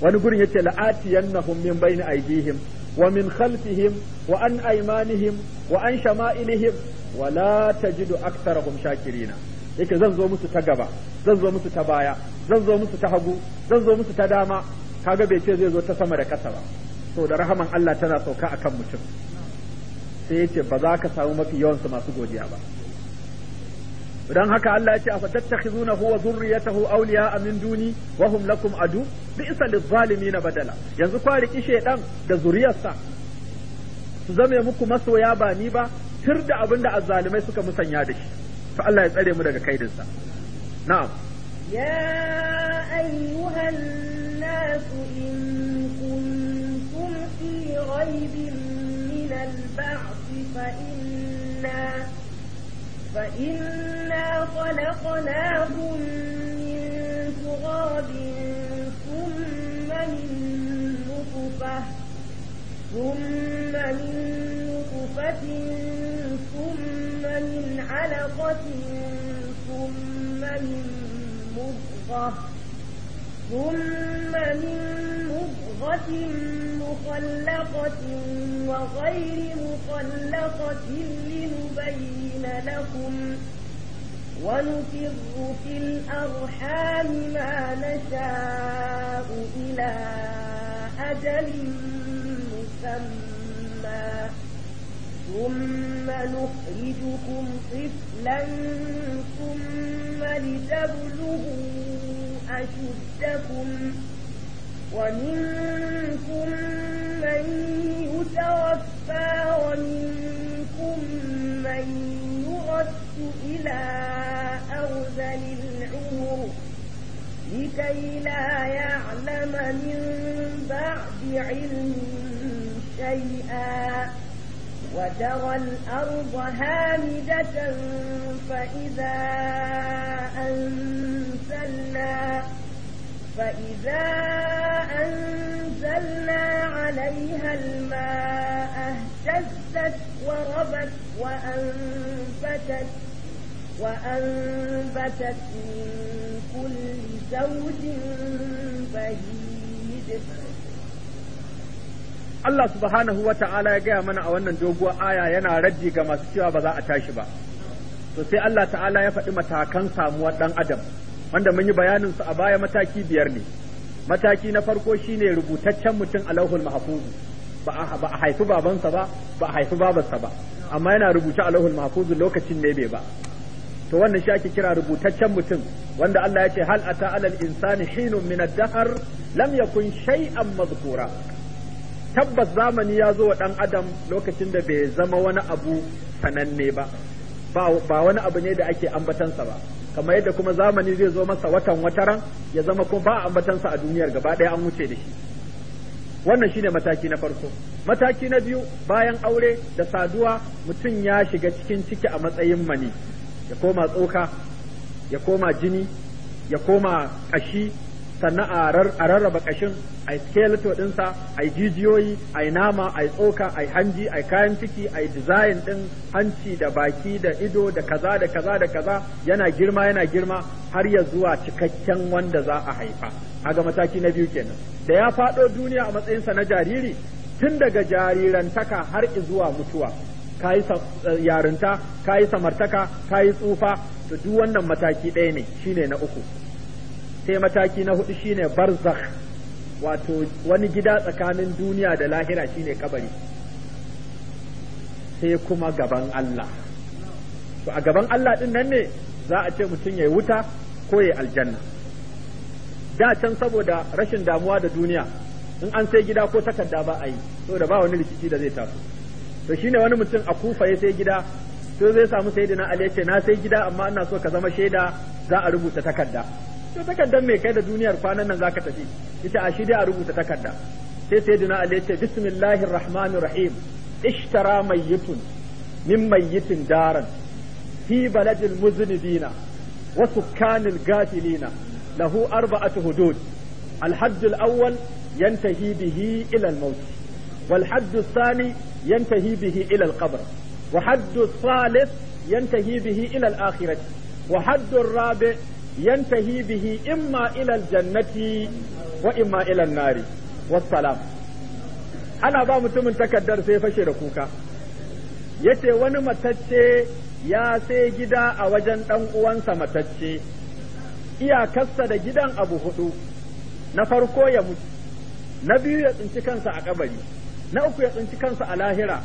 wani gurin ya yace na nahum min bayni aydihim Wa wa an وعن أيمانهم وعن شمائلهم ولا تجد أكثرهم shakirina yake zan zo musu ta gaba zan zo musu ta baya zan zo musu ta hagu zan zo musu ta dama kaga bai ce zai zo ta sama da ƙasa ba to da rahaman Allah tana sauka akan mutum sai yace ba za ka samu mafi yawan su masu godiya ba Don haka Allah ya ce a tattakhizunahu wa dhurriyyatahu awliya'a min duni wa hum lakum adu bi'sa lidh-dhalimin badala yanzu kwa riki shedan da zuriyarsa su zame muku masoya ba ni ba tir da abinda azzalimai suka musanya da shi to Allah ya tsare mu daga kaidinsa na'am ya ayyuhan nas in kuntum fi raybin min al-ba'th فإنا خلقناهم من تراب ثم من نطفة ثم من نطفة ثم من علقة ثم من مضغة ثم من مضغة مخلقة وغير مخلقة لنبين لكم ونفر في الأرحام ما نشاء إلى أجل مسمى ثم نخرجكم طفلا ثم لتبلغوا أشدكم ومنكم من يتوفى ومنكم من يرد إلى أرذل العمر لكي لا يعلم من بعد علم شيئا وترى الأرض هامدة فإذا أنت أنزلنا فإذا أنزلنا عليها الماء اهتزت وربت وأنبتت وأنبتت من كل زوج بهيج Allah subhanahu wa ta'ala ya gaya mana a wannan doguwar aya yana raddi ga masu cewa ba za a tashi ba, to sai Allah ta'ala ya faɗi matakan samuwar ɗan adam. wanda mun yi bayanin su a baya mataki biyar ne mataki na farko shine rubutaccen mutum a lauhul mahfuz ba a haifi babansa ba ba a haifi babarsa ba amma yana rubuce a lauhul mahfuz lokacin ne bai ba to wannan shi ake kira rubutaccen mutum wanda Allah ya ce hal ata alal insani hinun min ad-dahr lam yakun shay'an madhkura tabbas zamani ya zo wa dan adam lokacin da bai zama wani abu sananne ba ba wani abu ne da ake ambatansa ba kamar yadda kuma zamani zai zo masa watan wataran ya zama kuma ba ambatansa a duniyar gaba ɗaya an wuce da shi wannan shine mataki na farko mataki na biyu bayan aure da saduwa mutum ya shiga cikin ciki a matsayin mani ya koma tsoka ya koma jini ya koma ƙashi sannan a rarraba ƙashin a skeleto dinsa a jijiyoyi a nama a tsoka a hanji a kayan ciki a design ɗin hanci da baki da ido da kaza da kaza da kaza yana girma yana girma har ya zuwa cikakken wanda za a haifa ga mataki na biyu kenan da ya faɗo duniya a matsayinsa na jariri tun daga jarirantaka har zuwa mutuwa kayi eh, yarinta kayi samartaka kayi tsufa to duk wannan mataki ɗaya ne shine na uku sai mataki na hudu shine barzakh wato wani gida tsakanin duniya da lahira shine kabari sai kuma gaban Allah to a gaban Allah din nan ne za a ce mutum ya yi wuta ko ya aljanna da can saboda rashin damuwa da duniya in an sai gida ko takarda ba a yi saboda ba wani rikici da zai taso to shine wani mutum a kufa ya sai gida to zai samu sayyidina Ali ya ce na sai gida amma ina so ka zama shaida za a rubuta takarda to takardar mai kai da duniyar kwanan nan zaka tafi ita a shirya a rubuta takarda sai sai dina Ali ce bismillahir rahmanir rahim ishtara mayyitun min mayyitin daran fi baladil muznidina wa sukkanil gafilina lahu arba'atu hudud الحد الأول ينتهي به إلى الموت والحد الثاني ينتهي به إلى القبر وحد الثالث ينتهي به إلى الآخرة وحد الرابع Yan tahi bihi imma ila jannati wa imma ila an-nari wassalam ana ba mutumin takardar sai fashe da kuka yace wani matacce ya sai gida a wajen dan uwansa matacce iyakarsa da gidan abu hudu na farko ya mutu na biyu ya tsinci kansa a kabari na uku ya tsinci kansa a lahira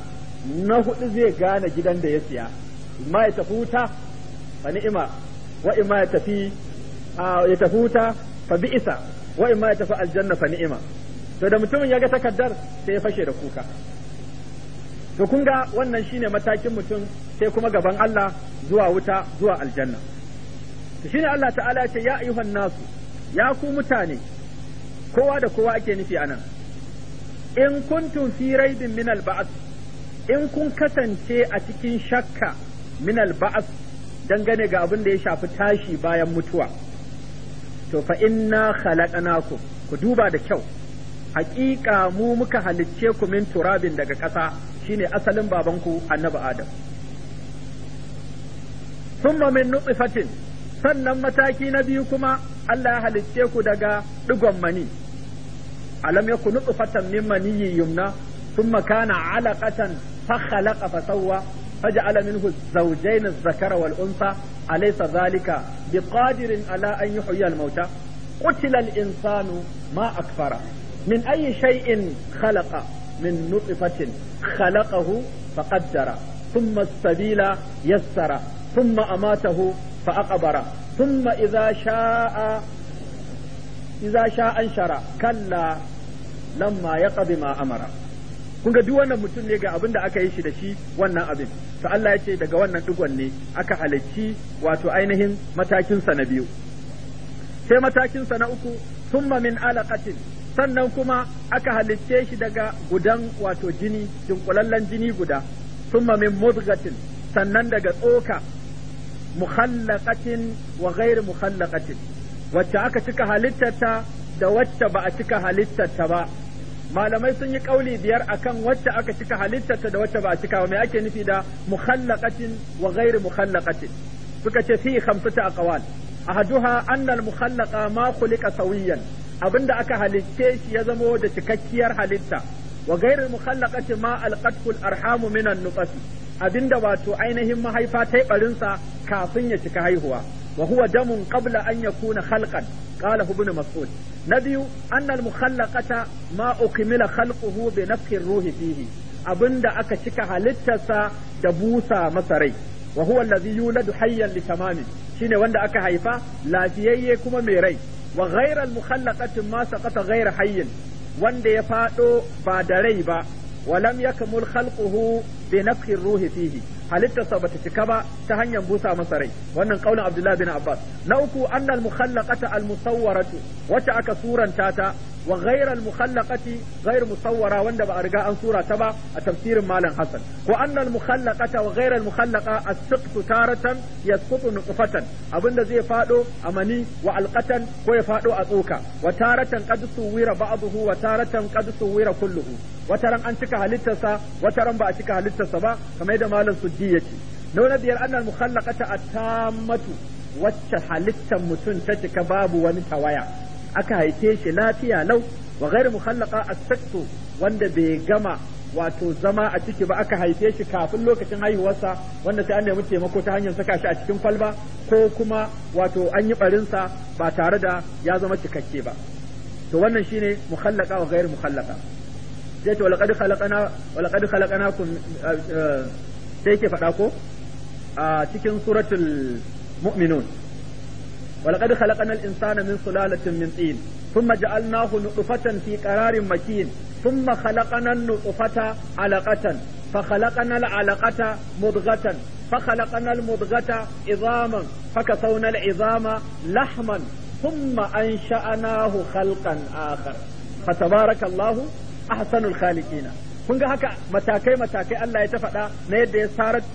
na hudu zai gane gidan da ya siya ma ya tafi wuta fa ni'ima wa imma ya tafi ya tafuta fa bi'isa wa imma ya tafi aljanna fa ni'ima to da mutumin ya ga takaddar sai ya fashe da kuka to kun ga wannan shine matakin mutum sai kuma gaban Allah zuwa wuta zuwa aljanna to shine Allah ta'ala ce ya ayyuhan nasu ya ku mutane kowa da kowa ake nufi anan in kuntum fi raibin min al in kun kasance a cikin shakka min al dangane ga abin da ya shafi tashi bayan mutuwa to fa inna khalaqnakum ku duba da kyau haƙiƙa mu muka halicce ku min turabin daga ƙasa shine asalin babanku annabi adam thumma min nutfatin sannan mataki na biyu kuma Allah ya halicce ku daga digon mani alam yaku nutfatan min mani yumna thumma kana alaqatan fa khalaqa fa sawwa فجعل منه الزوجين الذكر والأنثى أليس ذلك بقادر على أن يحيي الموتى قتل الإنسان ما أكفره من أي شيء خلق من نطفة خلقه فقدر ثم السبيل يسر ثم أماته فأقبر ثم إذا شاء إذا شاء أنشر كلا لما يقض ما أمر kun ga duk wannan mutum ne ga abin da aka yi shi da shi wannan abin to Allah ya ce daga wannan dugon ne aka halarci wato ainihin matakin sa na biyu sai matakin sa na uku thumma min alaqatin sannan kuma aka halicce shi daga gudan wato jini jinkulallen jini guda thumma min mudghatin sannan daga tsoka mukhallaqatin wa ghair mukhallaqatin wacce aka cika halittarta da wacce ba a cika halittarta ba malamai sun yi kauli biyar akan wacce aka cika halittarta da wacce ba a cika mai ake nufi da mukhallaqatin wa ghairu mukhallaqatin suka ce fi khamsata aqwal ahaduha anna al mukhallaqa ma khuliqa sawiyan abinda aka halicce shi ya zamo da cikakkiyar halitta wa ghairu mukhallaqatin ma al qatful arhamu min an nufasi abinda wato ainihin mahaifa ta yi barinsa kafin ya cika haihuwa Wahuwa damun qabla an yakuna khalqan qala ibn Na biyu anna al mukhallaqata ma ukmila khalquhu bi nafhi ruhi fihi da aka cika sa da busa masa rai wa huwa allazi yuladu hayyan litamamin shine wanda aka haifa lafiyayye kuma mai rai wa ghayra al mukhallaqati ma saqata ghayra hayyin wanda ya fado ba da rai ba wa lam yakmul khalquhu bi nafhi ruhi fihi halittarsa bata cika ba ta hanyar busa masa rai wannan kaulin Abdullah bin Abbas na uku annal mukhallaqata al musawwaratu wacce aka suranta ta wa ghairal mukhallaqati ghair musawwara wanda ba a riga an sura ta ba a tafsirin malam hasan ko annan mukhallaqata wa ghairal mukhallaqa as-siqtu taratan yasqutu nuqfatan abinda zai fado a mani wa alqatan ko ya fado a tsoka wa taratan qad suwira ba'dahu wa taratan qad suwira kulluhu wataran an cika halittarsa wataran ba a cika halittarsa ba kamar yadda malam suddi yake na biyar annal mukhallaqata at-tammatu wacce halittar mutum ta cika babu wani tawaya aka haife shi lafiya lau wa ghairu muhallaka as wanda bai gama wato zama a ciki ba aka haife shi kafin lokacin haihuwarsa wanda sai an nemi taimako ta hanyar saka shi a cikin kwalba ko kuma wato an yi barinsa ba tare da ya zama cikakke ba to wannan shine muhallaka wa ghairu muhallaka. sai to laqad khalaqana wa laqad kun eh, eh, sai yake faɗa ko a cikin suratul mu'minun ولقد خلقنا الإنسان من سلالة من طين ثم جعلناه نطفة في قرار مكين ثم خلقنا النطفة علقة فخلقنا العلقة مضغة فخلقنا المضغة عظاما فكسونا العظام لحما ثم أنشأناه خلقا آخر فتبارك الله أحسن الخالقين kun ga haka matakai matakai Allah ya ta faɗa na yadda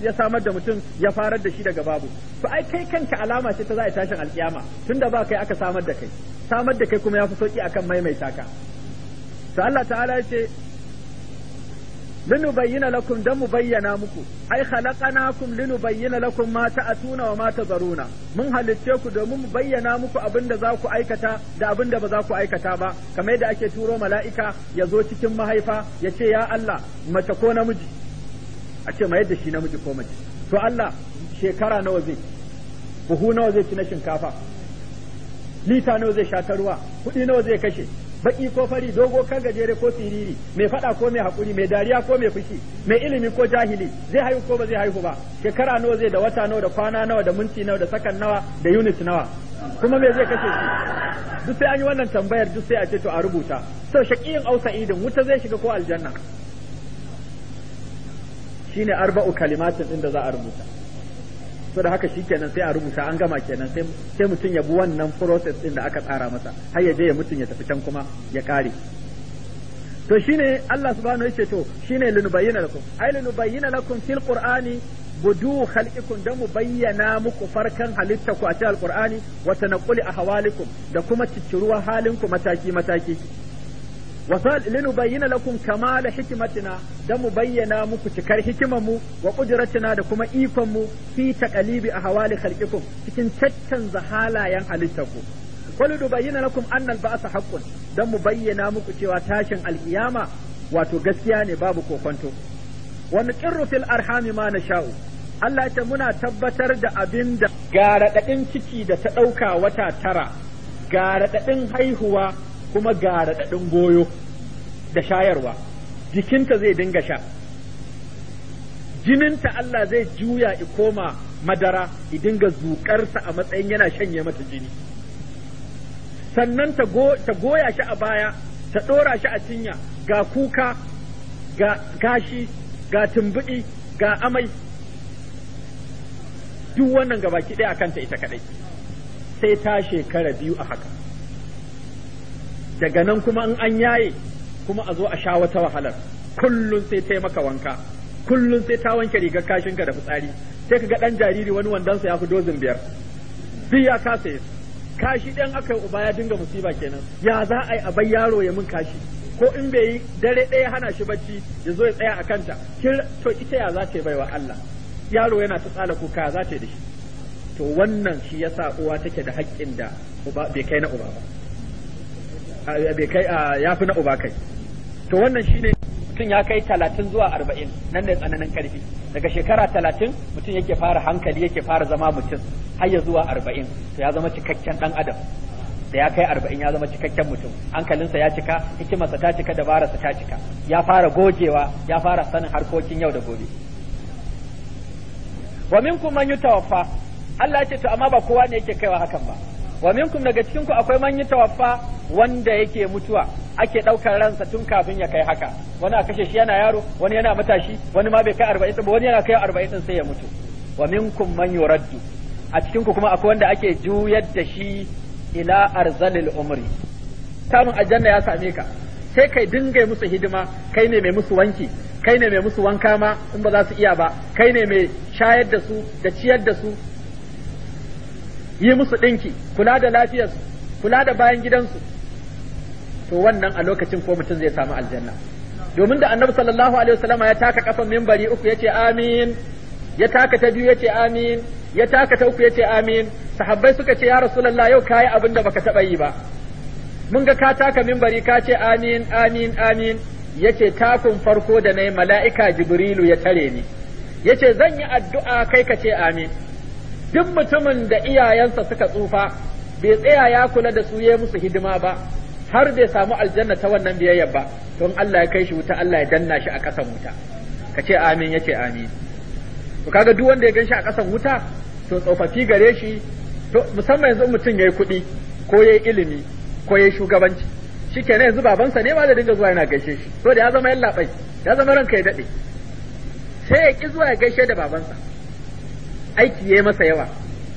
ya samar da mutum ya farar da shi daga babu to ai kai kanka alama ce ta za a tashin alkiyama tunda ba kai aka samar da kai samar da kai kuma ya fi sauki akan maimaita ka to Allah ta'ala ya ce linubayyana lakum dan mu bayyana muku ai khalaqanakum linubayyana lakum ma ta'tuna wa ma tazaruna mun halicce ku domin mu bayyana muku abinda za ku aikata da abinda ba za ku aikata ba kamar yadda ake turo mala'ika ya zo cikin mahaifa ya ce ya Allah mace ko namiji a ce mai da shi namiji ko mace to Allah shekara nawa zai buhu nawa zai ci na shinkafa lita nawa zai sha ta ruwa kuɗi nawa zai kashe baki ko fari dogo kan gajere ko siriri mai fada ko mai hakuri mai dariya ko mai fushi mai ilimi ko jahili zai haihu ko ba zai haihu ba shekara nawa zai da wata nawa da kwana nawa da minti nawa da sakan nawa da unit nawa kuma me zai kashe shi duk sai an yi wannan tambayar duk sai a ce to a rubuta so shaqiyin au sa'idin wuta zai shiga ko aljanna shine arba'u kalimatin din da za a rubuta so da haka shikenan sai a rubuta an gama kenan sai sai mutum ya bi wannan process din da aka tsara masa har ya je ya mutum ya tafi can kuma ya kare to shine Allah subhanahu yace to shine linubayyana lakum ay linubayyana lakum fil qur'ani budu khalqikum da mu bayyana muku farkan halitta ku a cikin alqur'ani wa tanquli ahwalikum da kuma cicciruwa halinku mataki mataki linubayyana lakum kamala hikmatina da mu bayyana muku cikar hikimar mu wa qudratina da kuma ikon mu fi taqalibi ahwali khalqikum cikin tattanza halayen halittarku wal nubayyana lakum anna al-ba'sa haqqun dan mu bayyana muku cewa tashin alkiyama wato gaskiya ne babu kokonto Wani nuqirru fil arhami ma nasha'u Allah ta muna tabbatar da abin da ga ciki da ta ɗauka wata tara ga raɗaɗin haihuwa kuma ga raɗaɗin goyo da shayarwa jikinta zai dinga sha jininta Allah zai juya i koma madara i dinga zuƙarsa a matsayin yana shanye mata jini sannan ta goya shi a baya ta ɗora shi a cinya ga kuka ga gashi ga tumbuɗi ga amai duk wannan gabaki ɗaya a kanta ita kaɗai sai ta shekara biyu a haka daga nan kuma in an yaye kuma a zo a sha wata wahalar kullun sai ta maka wanka kullun sai ta wanke rigar kashinka da fitsari sai ka ga dan jariri wani wandonsa ya fi dozin biyar duk ya kasa yi kashi dan aka yi uba ya dinga musiba kenan ya za a yi a bai yaro ya mun kashi ko in bai yi dare ɗaya hana shi bacci ya zo ya tsaya a kanta to ita ya za ta baiwa Allah yaro yana ta tsala kuka za ta da shi to wannan shi yasa uwa take da haƙƙin da uba bai kai na uba ba ya fi na uba kai to wannan shi ne mutum ya kai talatin zuwa arba'in nan da tsananin karfi daga shekara talatin mutum yake fara hankali yake fara zama mutum har ya zuwa arba'in to ya zama cikakken dan adam da ya kai arba'in ya zama cikakken mutum hankalinsa ya cika hikimarsa ta cika dabararsa ta cika ya fara gogewa ya fara sanin harkokin yau da gobe wa minkum man yutawaffa Allah ya ce to amma ba kowa ne yake kaiwa hakan ba wa minkum daga cikin ku akwai man tawaffa wanda yake mutuwa ake daukar ransa tun kafin ya kai haka wani a kashe shi yana yaro wani yana matashi wani ma bai kai 40 ba wani yana kai 40 din sai ya mutu wa minkum man yuraddu a cikin ku kuma akwai wanda ake juyar da shi ila arzalil umri samun aljanna ya same ka sai kai dinga musu hidima kai ne mai musu wanki kai ne mai musu wanka ma in ba za su iya ba kai ne mai shayar da su da ciyar da su yi musu ɗinki kula da lafiyarsu kula da bayan gidansu to wannan a lokacin ko mutum zai samu aljanna domin da annabi sallallahu alaihi wasallama ya taka kafan mimbari uku yace amin ya taka ta biyu yace amin ya taka ta uku yace amin sahabbai suka ce ya rasulullah yau kai abin da baka taba yi ba mun ga ka taka mimbari ka ce amin amin amin yace takun farko da nayi mala'ika jibrilu ya tare ni yace zan yi addu'a kai ka ce amin duk mutumin da iyayensa suka tsufa bai tsaya ya kula da su ya musu hidima ba har bai samu aljanna ta wannan biyayyar ba don Allah ya kai shi wuta Allah ya danna shi a ƙasan wuta ka ce amin ya ce amin to kaga duk wanda ya gan a ƙasan wuta to tsofaffi gare shi to musamman yanzu mutum ya yi kuɗi ko ya yi ilimi ko ya yi shugabanci shi kenan yanzu babansa ne ba da dinga zuwa yana gaishe shi to da ya zama yan ya zama ranka ya daɗe sai ya ƙi zuwa ya gaishe da babansa aiki yayi masa yawa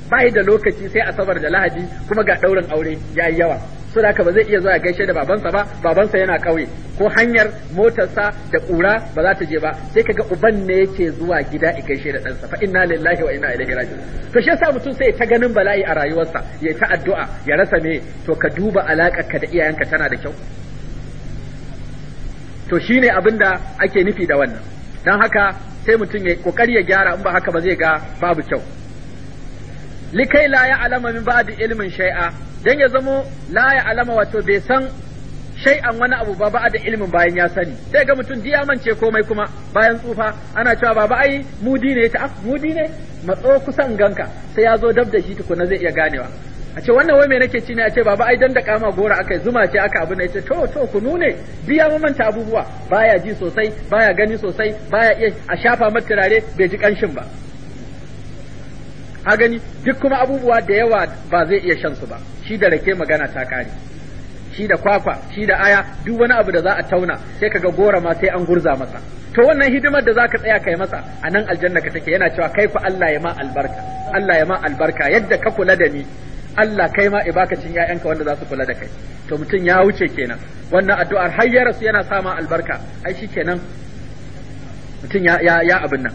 bai da lokaci sai asabar da lahadi kuma ga ɗaurin aure yayi yawa so da ba zai iya zuwa gaishe da babansa ba babansa yana kauye ko hanyar motarsa da ƙura ba za ta je ba sai kaga uban ne yake zuwa gida i gaishe da ɗansa fa inna lillahi wa inna ilaihi raji'un to shi yasa mutum sai ta ganin bala'i a rayuwarsa ya ta addu'a ya rasa me to ka duba ka da iyayenka tana da kyau to shine abinda ake nufi da wannan dan haka sai mutum ya kokari ya gyara in ba haka ba zai ga babu kyau likai la ya alama min ba'di ilmin shay'a dan ya zamo la ya alama wato bai san shay'an wani abu ba ba da ilimin bayan ya sani sai ga mutum ji ya komai kuma bayan tsufa ana cewa baba ai mudi ne ta ah, mudi ne matso kusan ganka sai ya zo dab da shi tukuna zai iya ganewa a ce wannan wai me nake ci ne a ce baba ai dan da kama gora aka zuma ce aka abu ne ce to to ku nune biya mu manta abubuwa baya ji sosai baya gani sosai baya iya a shafa mata turare bai ji kanshin ba a gani duk kuma abubuwa da yawa ba zai iya shan su ba shi da rake magana ta kare shi da kwakwa shi da aya duk wani abu da za a tauna sai kaga gora ma sai an gurza masa to wannan hidimar da zaka tsaya kai masa a nan aljanna ka take yana cewa kai fa Allah ya ma albarka Allah ya ma albarka yadda ka kula da ni Allah kai ma ibakacin ƴaƴanka wanda za su kula da kai to mutum ya wuce kenan wannan addu'ar har ya rasu yana sama albarka ai shi kenan mutum ya abin nan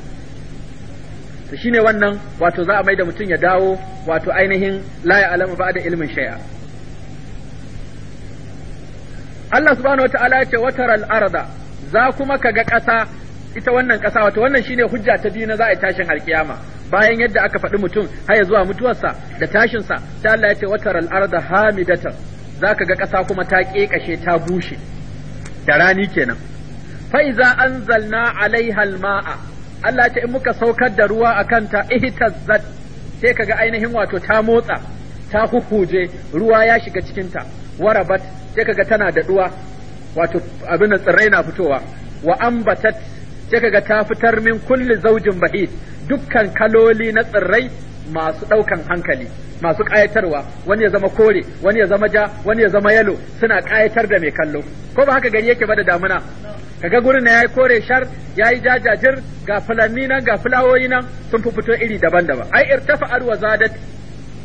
to shine wannan wato za a mai da mutum ya dawo wato ainihin la ya alama ba da ilmin shay'a Allah subhanahu wata'ala ya ce wataral arda za kuma kaga ƙasa ita wannan ƙasa wato wannan shine hujja ta biyu na za a yi tashin alkiyama bayan yadda aka faɗi mutum har zuwa mutuwarsa da tashinsa sai Allah ya ce hamidata al'arda hamidatan zaka ga ƙasa kuma ta ƙeƙashe ta bushe da rani kenan Fa'iza iza anzalna alaiha alma'a Allah ta in muka saukar da ruwa a kanta ihtazzat sai kaga ainihin wato ta motsa ta hukuje ruwa ya shiga cikinta warabat sai kaga tana da duwa wato abin tsirrai na fitowa wa ambatat sai kaga ta fitar min kulli zaujin bahid dukkan kaloli na tsirrai masu ɗaukan hankali masu ƙayatarwa wani ya zama kore wani ya zama ja wani ya zama yalo suna ƙayatar da mai kallo ko ba haka gari yake ba da damuna kaga gurin na yayi kore shar yayi jajajir ga fulani nan ga fulawoyi nan sun fi fito iri daban-daban ai irtafa arwa zadat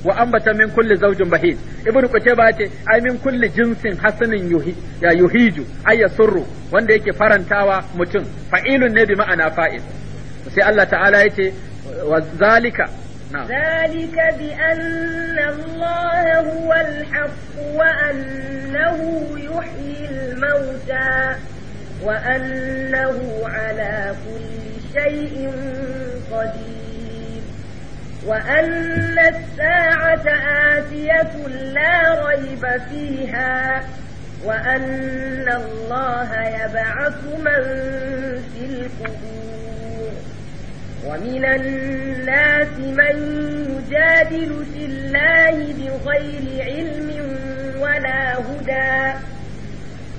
wa ambata min kulli zawjin bahij ibnu qutayba ce ai min kulli jinsin hasanin yuhi ya yuhiju ay yasurru wanda yake farantawa mutum fa'ilun ne bi ma'ana fa'il sai Allah ta'ala yace wa zalika ذلك بأن الله هو الحق وأنه يحيي الموتى وأنه على كل شيء قدير وأن الساعة آتية لا ريب فيها وأن الله يبعث من في القبور ومن الناس من يجادل في الله بغير علم ولا هدى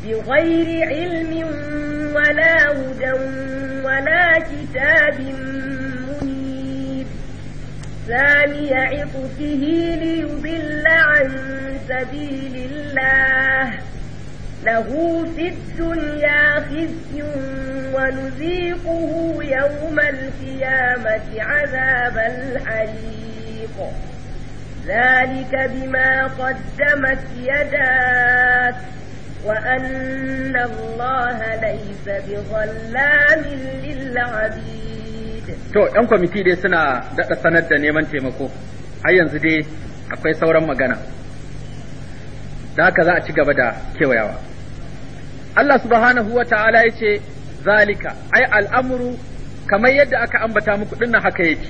بغير علم ولا هدى ولا كتاب ثاني عطفه ليضل عن سبيل الله له في الدنيا خزي ونذيقه يوم القيامة عذاب الحريق ذلك بما قدمت يداك وأن الله ليس بظلام للعبيد to yan kwamiti dai suna daɗa sanar da neman taimako har yanzu dai akwai sauran magana da haka za a ci gaba da kewayawa Allah subhanahu wa ta'ala ya ce zalika ai al'amuru kamar yadda aka ambata muku na haka yake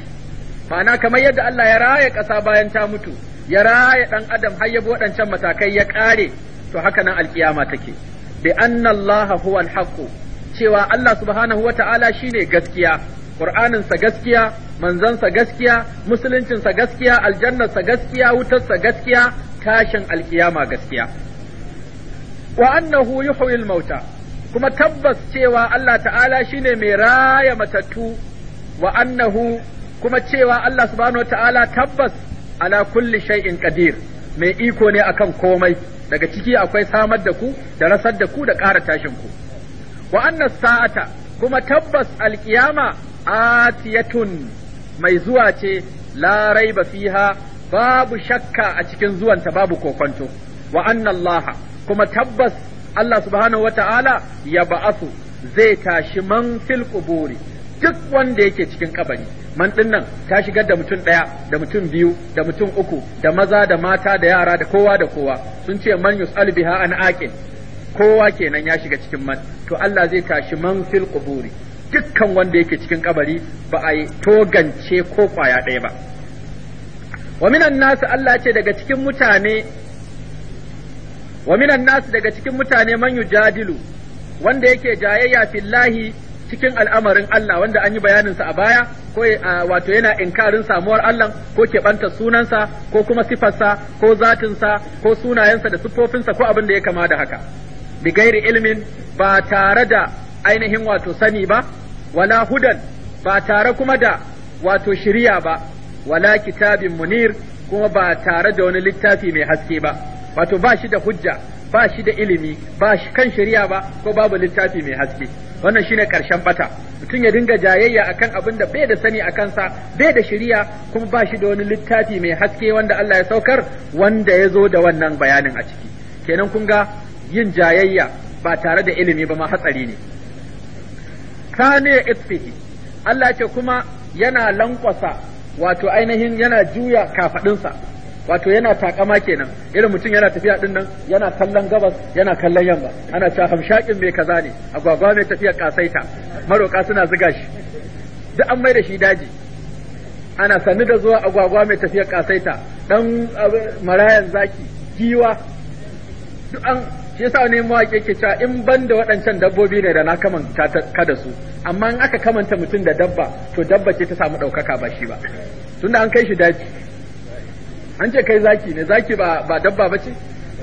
ma'ana kamar yadda Allah ya raya ƙasa bayan ta mutu ya raya ɗan adam har ya waɗancan matakai ya ƙare to haka nan alkiyama take bi anna Allah huwa cewa Allah subhanahu wa ta'ala shine gaskiya Qur'aninsa gaskiya manzansa gaskiya musuluncinsa gaskiya aljannarsa gaskiya wutarsa gaskiya tashin alkiyama gaskiya wa annahu yuhyil mauta kuma tabbas cewa Allah ta'ala shine mai raya matattu wa annahu kuma cewa Allah subhanahu ta'ala tabbas ala kulli shay'in qadir mai iko ne akan komai daga ciki akwai samar da ku da rasar da ku da ƙara tashin ku wa anna sa'ata kuma tabbas alkiyama atiyatun mai zuwa ce la raiba fiha babu shakka a cikin zuwanta babu kokonto wa annallaha kuma tabbas Allah subhanahu wata'ala ya ba'asu zai tashi man fil quburi duk wanda yake cikin kabari man dinnan ta shigar da mutum daya da mutum biyu da mutum uku da maza da mata da yara da kowa da kowa sun ce man yus'al biha an aqil kowa kenan ya shiga cikin man to Allah zai tashi man fil quburi dukkan wanda yake cikin kabari ba a yi togance ko kwaya ɗaya ba wa minan nasu Allah ce daga cikin mutane wa minan nasu daga cikin mutane man jadilu, wanda yake jayayya fillahi cikin al'amarin Allah wanda an yi bayaninsa a baya ko wato yana inkarin samuwar Allah ko ke keɓanta sunansa ko kuma sifarsa ko zatinsa ko sunayensa da siffofinsa ko abin da ya kama da haka bi gairi ilmin ba tare da ainihin wato sani ba wala hudan ba tare kuma da wato shiriya ba wala kitabin munir kuma ba tare da wani littafi mai haske ba wato ba shi da hujja ba shi da ilimi ba shi kan shari'a ba ko babu littafi mai haske wannan shine karshen bata mutum ya dinga jayayya akan abin da bai da sani a kansa bai da shari'a kuma ba shi da wani littafi mai haske wanda Allah ya saukar wanda ya zo da wannan bayanin a ciki kenan kun ga yin jayayya ba tare da ilimi ba ma hatsari ne kane ifihi Allah ce kuma yana lankwasa wato ainihin yana juya kafadinsa wato yana takama kenan irin mutum yana tafiya din nan yana kallon gabas yana kallon yamma ana cewa hamshakin mai kaza ne agwagwa mai tafiya kasaita maroka suna ziga shi duk an mai da shi daji ana sannu da zuwa agwagwa mai tafiya kasaita dan marayan zaki giwa duk an shi yasa ne mawaƙi ke cewa in ban da waɗancan dabbobi ne da na kaman ka da su amma in aka kamanta mutum da dabba to dabba ce ta samu ɗaukaka ba shi ba tunda an kai shi daji an ce kai zaki ne zaki ba ba dabba ba ce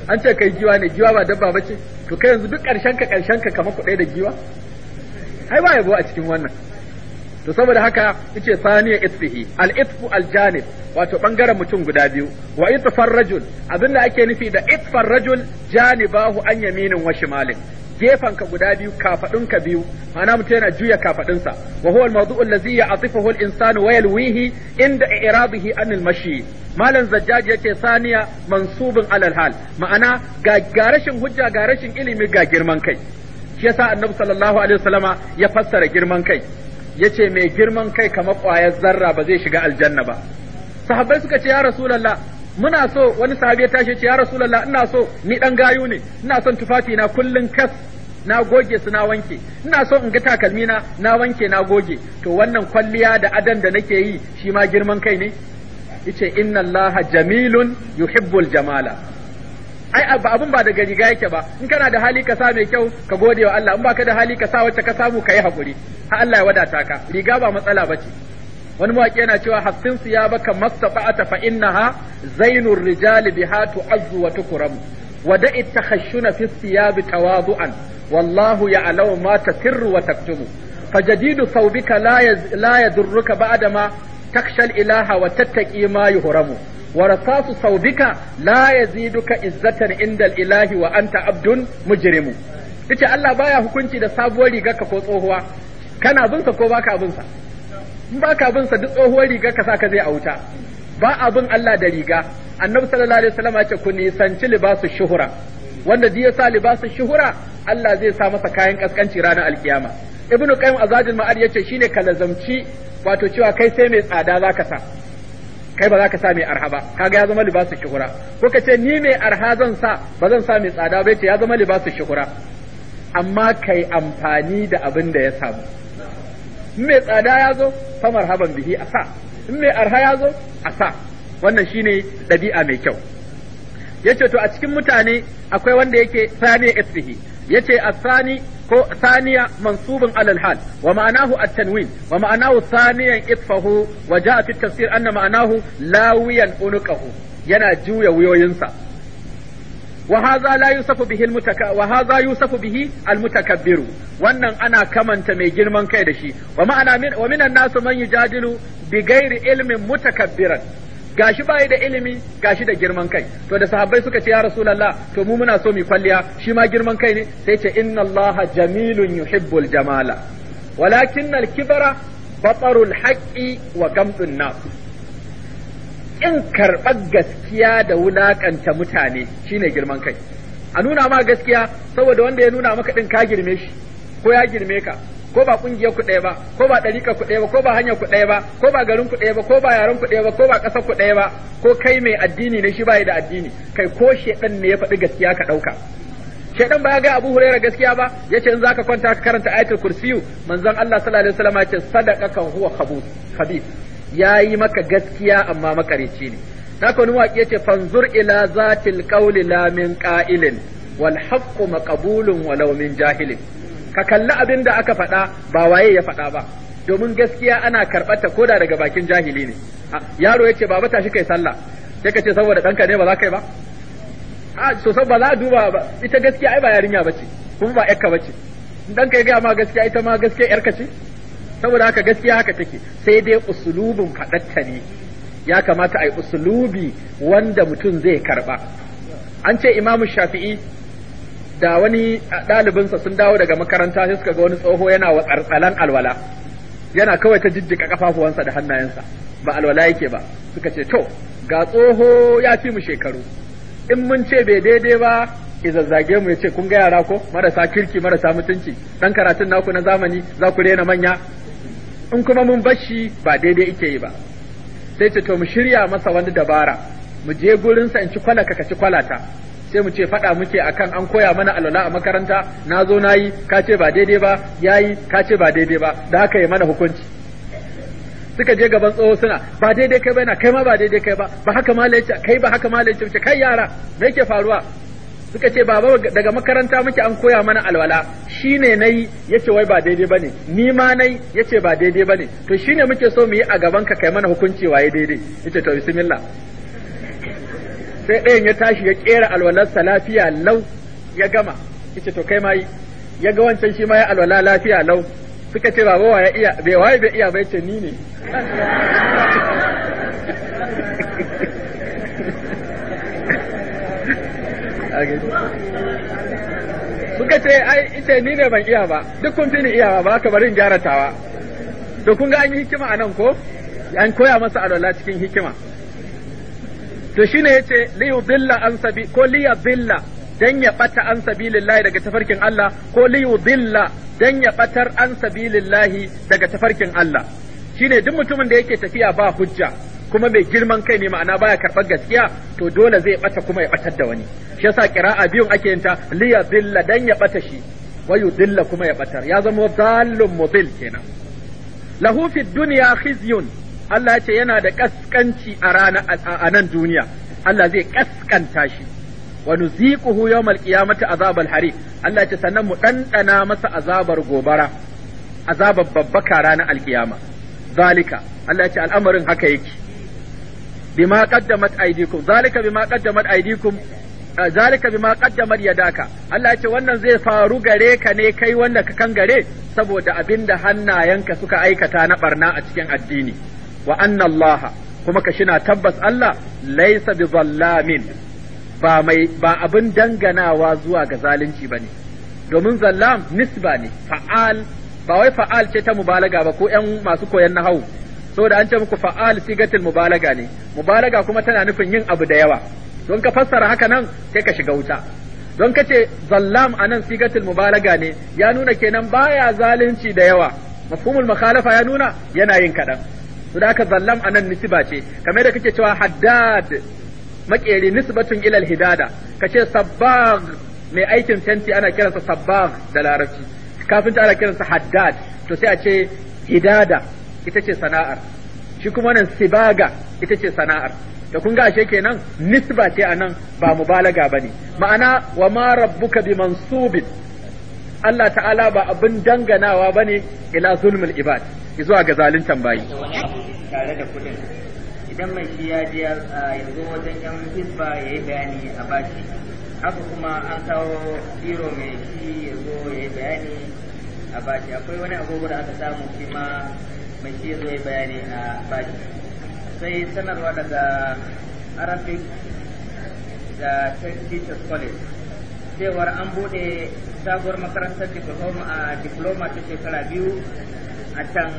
an ce kai giwa ne giwa ba dabba ba ce to kai yanzu duk ƙarshen ka ƙarshen ka kama kuɗai da giwa ai ba yabo a cikin wannan to saboda haka yace saniya itfihi al itfu al janib wato bangaren mutum guda biyu wa itfar rajul da ake nufi da itfar rajul janibahu an yaminin wa shimalin ka guda biyu ka biyu ma'ana mutum yana juya kafadunsa wa huwa al-mawdu'u allazi ya'tifuhu al-insanu wa yalwihi inda irabihi an al-mashi Malam zajjaj yace saniya mansubun alal hal ma'ana ga garashin hujja ga rashin ilimi ga girman kai shi yasa annabi sallallahu alaihi wasallama ya fassara girman kai yace mai girman kai kamar ƙwayar zarra ba zai shiga aljanna ba sahabbai suka ce ya rasulullah muna so wani sahabi ya tashi ce ya rasulullah ina so ni dan gayu ne ina son tufafi na kullun kas na goge su na wanke ina so in ga takalmi na na wanke na goge to wannan kwalliya da adan da nake yi shi ma girman kai ne yace inna allaha jamilun yuhibbul jamala ai ba abun ba daga riga yake ba in kana da hali ka sa mai kyau ka gode wa Allah in baka da hali ka sa wacce ka samu ka yi hakuri ha Allah ya wadata ka riga ba matsala ba ce. wani mawaƙi yana cewa hafsin su ya baka mastafa'ata fa innaha zainur rijali biha tu'azzu wa tukram wa da'i takhashshuna fi thiyabi tawadu'an wallahu ya'lamu ma tasirru wa taktumu فجديد ثوبك لا يز... لا يضرك بعد ما takshal ilaha wa tattaqi ma yuhramu wa rasasu saubika la yaziduka izzatan indal ilahi wa anta abdun mujrimu tace Allah baya hukunci da sabuwar rigarka ko tsohuwa kana bin sa ko baka bin sa in baka bin sa duk tsohuwar rigarka saka zai auta ba abin Allah da riga annabi sallallahu alaihi wasallam ya ce ku nisanci libasu shuhura wanda duk ya sa libasin shuhura Allah zai sa masa kayan kaskanci ranar alkiyama ibnu qayyim azadul ma'ad yace shine ka lazamci wato cewa kai sai mai tsada zaka sa kai ba za sa mai arha ba kaga ya zama libasin shuhura ko ka ce ni mai arha zan sa ba zan sa mai tsada ba yace ya zama libasin shuhura amma kai amfani da abin da ya samu in mai tsada ya zo fa marhaban bihi asa. sa in mai arha ya zo a sa wannan shine dabi'a mai kyau yace to a cikin mutane akwai wanda yake sani ismihi yace asani ko saniya mansubun alal hal wa ma'anahu at-tanwin wa ma'anahu saniyan itfahu wa ja'a fi tafsir anna ma'anahu lawiyan unqahu yana juya wuyoyinsa wa hadha la yusafu bihi al-mutaka wa hadha yusafu bihi al-mutakabbiru wannan ana kamanta mai girman kai da shi wa ma'ana min wa minan nasu man yujadilu bi ilmin mutakabbiran gashi bai da ilimi gashi da girman kai to da sahabbai suka ce ya rasulullah to mu muna so mu kwalliya shi ma girman kai ne sai ce inna allaha jamilun yuhibbul jamala walakin al kibara batarul haqqi wa gamdun nas in karɓar gaskiya da wulakanta mutane shine girman kai a nuna ma gaskiya saboda wanda ya nuna maka din ka girme shi ko ya girme ka ko ba kungiyar ku ɗaya ba ko ba ɗarika ku ɗaya ba ko ba hanyar ku ɗaya ba ko ba garin ku ɗaya ba ko ba yaren ku ɗaya ba ko ba ƙasar ku ɗaya ba ko kai mai addini ne shi ba da addini kai ko shedan ne ya faɗi gaskiya ka ɗauka shedan ba ya ga Abu Hurairah gaskiya ba yace in zaka kwanta ka karanta ayatul kursiyu manzon Allah sallallahu alaihi wasallam yace kan huwa ya yayi maka gaskiya amma makareci ne Na wani waƙi yace fanzur ila zatil qawli la min qa'ilin wal haqqu maqbulun walau min jahilin ka kalli abin da aka faɗa ba waye ya faɗa ba domin gaskiya ana karɓarta koda daga bakin jahili ne yaro ya ce baba tashi kai sallah sai ka ce saboda ɗanka ne ba za kai ba a so ba za a duba ba ita gaskiya ai ba yarinya bace kuma ba yarka bace in ɗanka ya gaya ma gaskiya ita ma gaskiya yarka ce saboda haka gaskiya haka take sai dai usulubin faɗarta ne ya kamata a yi usulubi wanda mutum zai karɓa an ce imamu shafi'i da wani ɗalibinsa sun dawo daga makaranta sai suka ga wani tsoho yana tsartsalan alwala yana kawai ta jijjiga kafafuwansa da hannayensa ba alwala yake ba suka ce to ga tsoho ya fi mu shekaru in mun ce bai daidai ba izazzage mu ya ce kun ga yara ko marasa kirki marasa mutunci dan karatun naku na zamani za ku rena manya in kuma mun bashi ba daidai ike yi ba sai ce to mu shirya masa wani dabara mu je gurinsa in ci kwalaka ka ci kwalata sai mu ce faɗa muke akan an koya mana alwala a makaranta na zo na yi ka ce ba daidai ba ya yi ka ce ba daidai ba da haka ya mana hukunci suka je gaban tsoho suna ba daidai kai ba yana kai ma ba daidai kai ba ba haka malai ce kai ba haka malai ce kai yara me yake faruwa suka ce baba daga makaranta muke an koya mana alwala shine nayi yace wai ba daidai bane ni ma nayi yace ba daidai bane to shine muke so mu yi a gaban ka kai mana hukunci waye daidai yace to bismillah sai ɗayan ya tashi ya ƙera alwalarsa lafiya lau ya gama Ita to kai ma yi ya ga wancan shi ma ya alwala lafiya lau suka ce baba wa ya iya bai waye bai iya bai ce ni ne suka ce ai ita ni ne ban iya ba duk kun fi ni iya ba ka bari in gyara tawa to kun ga an yi hikima a nan ko an koya masa alwala cikin hikima to shine yace li yudilla an sabi ko li yudilla dan ya bata an sabilillahi daga tafarkin Allah ko li yudilla dan ya batar an sabilillahi daga tafarkin Allah shine duk mutumin da yake tafiya ba hujja kuma mai girman kai ne ma'ana baya karɓar gaskiya to dole zai bata kuma ya batar da wani shi yasa qira'a biyun ake yin ta li yudilla dan ya bata shi wa yudilla kuma ya batar ya zama dallun mudil kenan lahu fid dunya khizyun Allah ya ce yana da kaskanci a rana a nan duniya Allah zai kaskanta shi wa nuziquhu yawmal qiyamati azabal hari Allah ya ce sannan mu dandana masa azabar gobara azabar babbaka ranar alkiyama zalika Allah ya ce al'amarin haka yake bima qaddamat aydikum zalika bima qaddamat aydikum zalika bima qaddamat yadaka Allah ya ce wannan zai faru gare ka ne kai wanda ka kan gare saboda abinda hannayenka suka aikata na barna a cikin addini wa anna Allah kuma ka shina tabbas Allah laisa bi zallamin ba mai ba abin danganawa zuwa ga zalunci bane domin zallam nisba ne fa'al ba wai fa'al ce ta mubalaga ba ko yan masu koyan nahawu saboda an ce muku fa'al sigatul mubalaga ne mubalaga kuma tana nufin yin abu da yawa don ka fassara haka nan sai ka shiga wuta don ka ce zallam anan sigatul mubalaga ne ya nuna kenan baya zalunci da yawa mafhumul makhalafa ya nuna yana yin kaɗan su da aka zallam anan nisba ce kamar da kake cewa haddad makeri nisbatun ilal hidada kace sabbag mai aikin fenti ana kiransa sabbag da larabci kafin ta ana kiransa haddad to sai a ce hidada ita ce sana'ar shi kuma nan sibaga ita ce sana'ar da kun ga ashe kenan nisba ce nan ba mubalaga bane ma'ana wa ma rabbuka bi mansubin Allah ta'ala ba abin danganawa bane ila zulmul ibad zuwa ga zaluntan bayi tare da kudin idan mai shi ya je yanzu wajen yan hisba ya yi bayani a bashi haka kuma an kawo biro mai shi ya zo ya yi bayani a bashi akwai wani agogo da aka samu shi ma mai shi ya zo ya yi bayani a bashi sai sanarwa daga arabic da teachers college cewar an bude sabuwar makarantar a diploma ta shekara biyu a can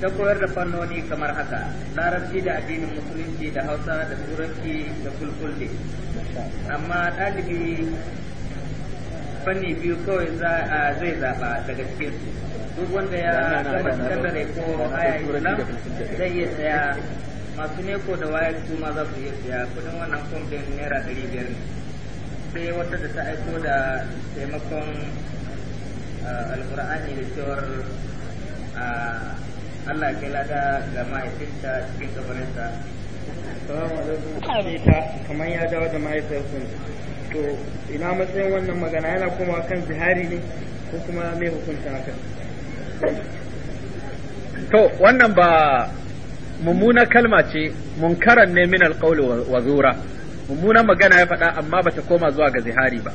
ta koyar da fannoni kamar haka larabci da addinin musulunci da hausa da turanci da kulkulde amma ɗalibi fanni biyu kawai zai zaɓa daga cikin duk wanda ya gama sakandare ko haya islam zai iya saya masu neko da wayar su ma za su iya saya kudin wannan kwamfin naira ɗari biyar ne sai wata da ta aiko da taimakon ah, alkur'ani da cewar ah, Allah ke lada ga mahaifinta cikin kabarinsa. Salamu alaikum. Kamar ya dawo da mahaifinsa. To ina matsayin wannan magana yana kuma kan zihari ne ko kuma mai hukunta haka. To wannan ba mummuna kalma ce munkaran ne min alƙawli wa zura. mummunan magana ya faɗa amma bata koma zuwa ga zihari ba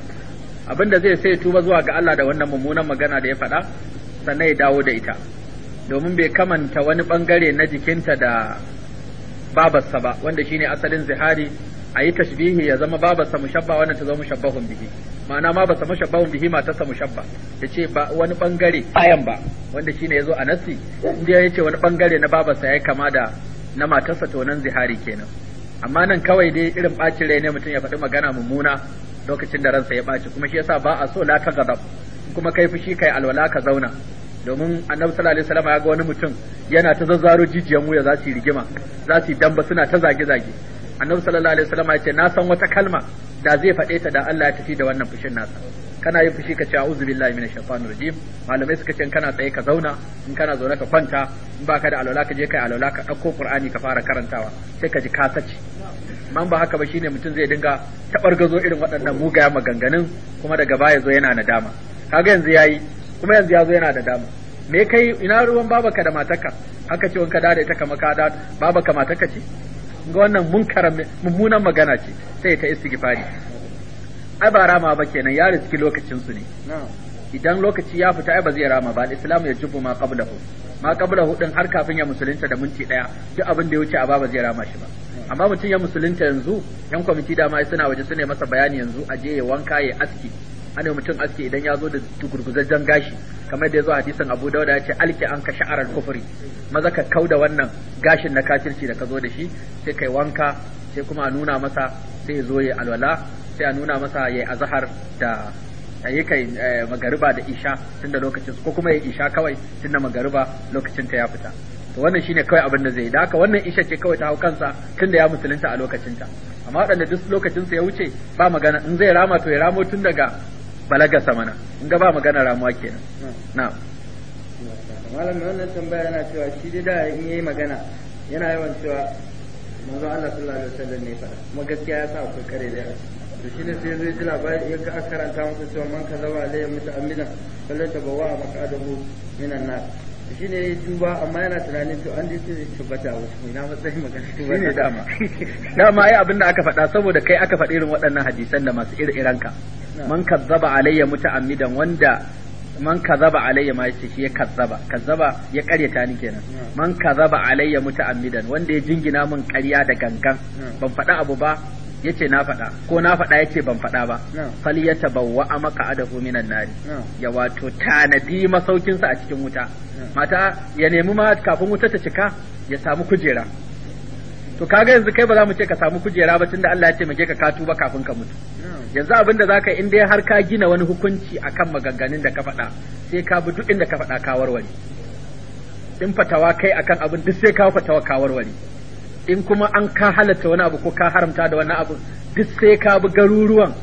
abinda zai sai tuba zuwa ga Allah da wannan mummunan magana da ya faɗa sannan ya dawo da ita domin bai kamanta wani bangare na jikinta da babarsa ba wanda shine asalin zihari a yi tashbihi ya zama babarsa mushabba wannan ta zama mushabbahun bihi ma'ana ma ba sa mushabbahun bihi sa mushabba ya ce ba wani bangare ayan ba wanda shine ya zo a nasi inda ya ce wani bangare na babarsa ya kama da na matarsa to nan zihari kenan amma nan kawai dai irin bacin rai ne mutum ya faɗi magana mummuna lokacin da ransa ya ɓaci kuma shi yasa ba a so la ka gazab kuma kai fushi kai alwala ka zauna domin annabi sallallahu alaihi wasallam ya ga wani mutum yana ta zazzaro jijiyan wuya za su yi rigima za su damba suna ta zage zage annabi sallallahu alaihi wasallam ya ce na san wata kalma da zai faɗe ta da Allah ya tafi da wannan fushin nasa kana yin fushi ka ce a'udhu billahi minash shaitanir rajim malamai suka ce kana tsaye ka zauna in kana zaune ka kwanta in baka da alwala ka je kai alwala ka ɗauko qur'ani ka fara karantawa sai ka ji ka sace man ba haka ba shine mutum zai dinga tabar gazo irin waɗannan mugaya maganganun kuma daga baya zo yana dama kaga yanzu yayi kuma yanzu yazo yana da dama me kai ina ruwan babaka da mataka haka ce wanka da ita kama ka babaka mataka ce ga wannan munkaran mummunan magana ce sai ta istighfari ai ba rama ba kenan ya riski lokacin su ne idan lokaci ya fita ai ba zai rama ba al-islamu yajibu ma qablahu ma qablahu din har kafin ya musulunta da minti daya duk abin da ya wuce a ba ba zai rama shi ba amma mutum ya musulunta yanzu yan kwamiti dama suna waje suna masa bayani yanzu a je ya wanka ya aski ana mutum aski idan ya zo da gurguzajjen gashi kamar da ya zo hadisin abu dauda ya ce alki an ka sha'arar kufuri maza ka kauda wannan gashin na kafirci da ka zo da shi sai kai wanka sai kuma a nuna masa sai ya zo ya alwala sai a nuna masa ya azhar da a yi kai eh, magariba da isha tunda lokacin ko kuma ya isha kawai tunda magariba lokacin ta ya fita to wannan shine kawai abin da zai yi da haka wannan isha ce kawai ta hau kansa tunda ya musulunta a lokacin ta amma waɗanda duk lokacin sa ya wuce ba magana in zai rama to ya ramo tun daga balaga samana in ga ba magana ramuwa kenan na'am malam mai wannan tambaya yana cewa shi dai da in yayi magana yana yawan cewa manzo Allah sallallahu alaihi wasallam ne fara kuma gaskiya ya sa akwai kare da to shi ne sai zai ji labari in ka karanta masa cewa man ka zaba alayhi muta'ammidan fallan tabawa a maqadahu minan nar shi ne ya tuba amma yana tunanin to an dace zai tabbata wasu na matsayin magana tuba ne dama dama ya abin da aka faɗa saboda kai aka faɗi irin waɗannan hadisan da masu ire ka man kazzaba alayya muta'ammidan wanda man kazzaba alayya ma yace shi ya kazzaba kazzaba ya karyata ni kenan man kazzaba alayya muta'ammidan wanda ya jingina min ƙarya da gangan ban faɗa abu ba yace na faɗa ko na faɗa yace ban faɗa ba fal bawwa amaka adahu minan nari ya wato tanadi masaukin sa a cikin wuta mata ya nemi ma kafin wuta ta cika ya samu kujera to kaga yanzu kai ba za mu ce ka samu kujera ba tunda Allah ya taimake ka katu ba kafin ka mutu yanzu abin da zaka in dai har ka gina wani hukunci akan maganganun da ka faɗa sai ka bi duk inda ka faɗa ka warware in fatawa kai akan abin duk sai ka fatawa ka warware in kuma an ka halatta wani abu ko ka haramta da wani abu duk sai ka bi garuruwan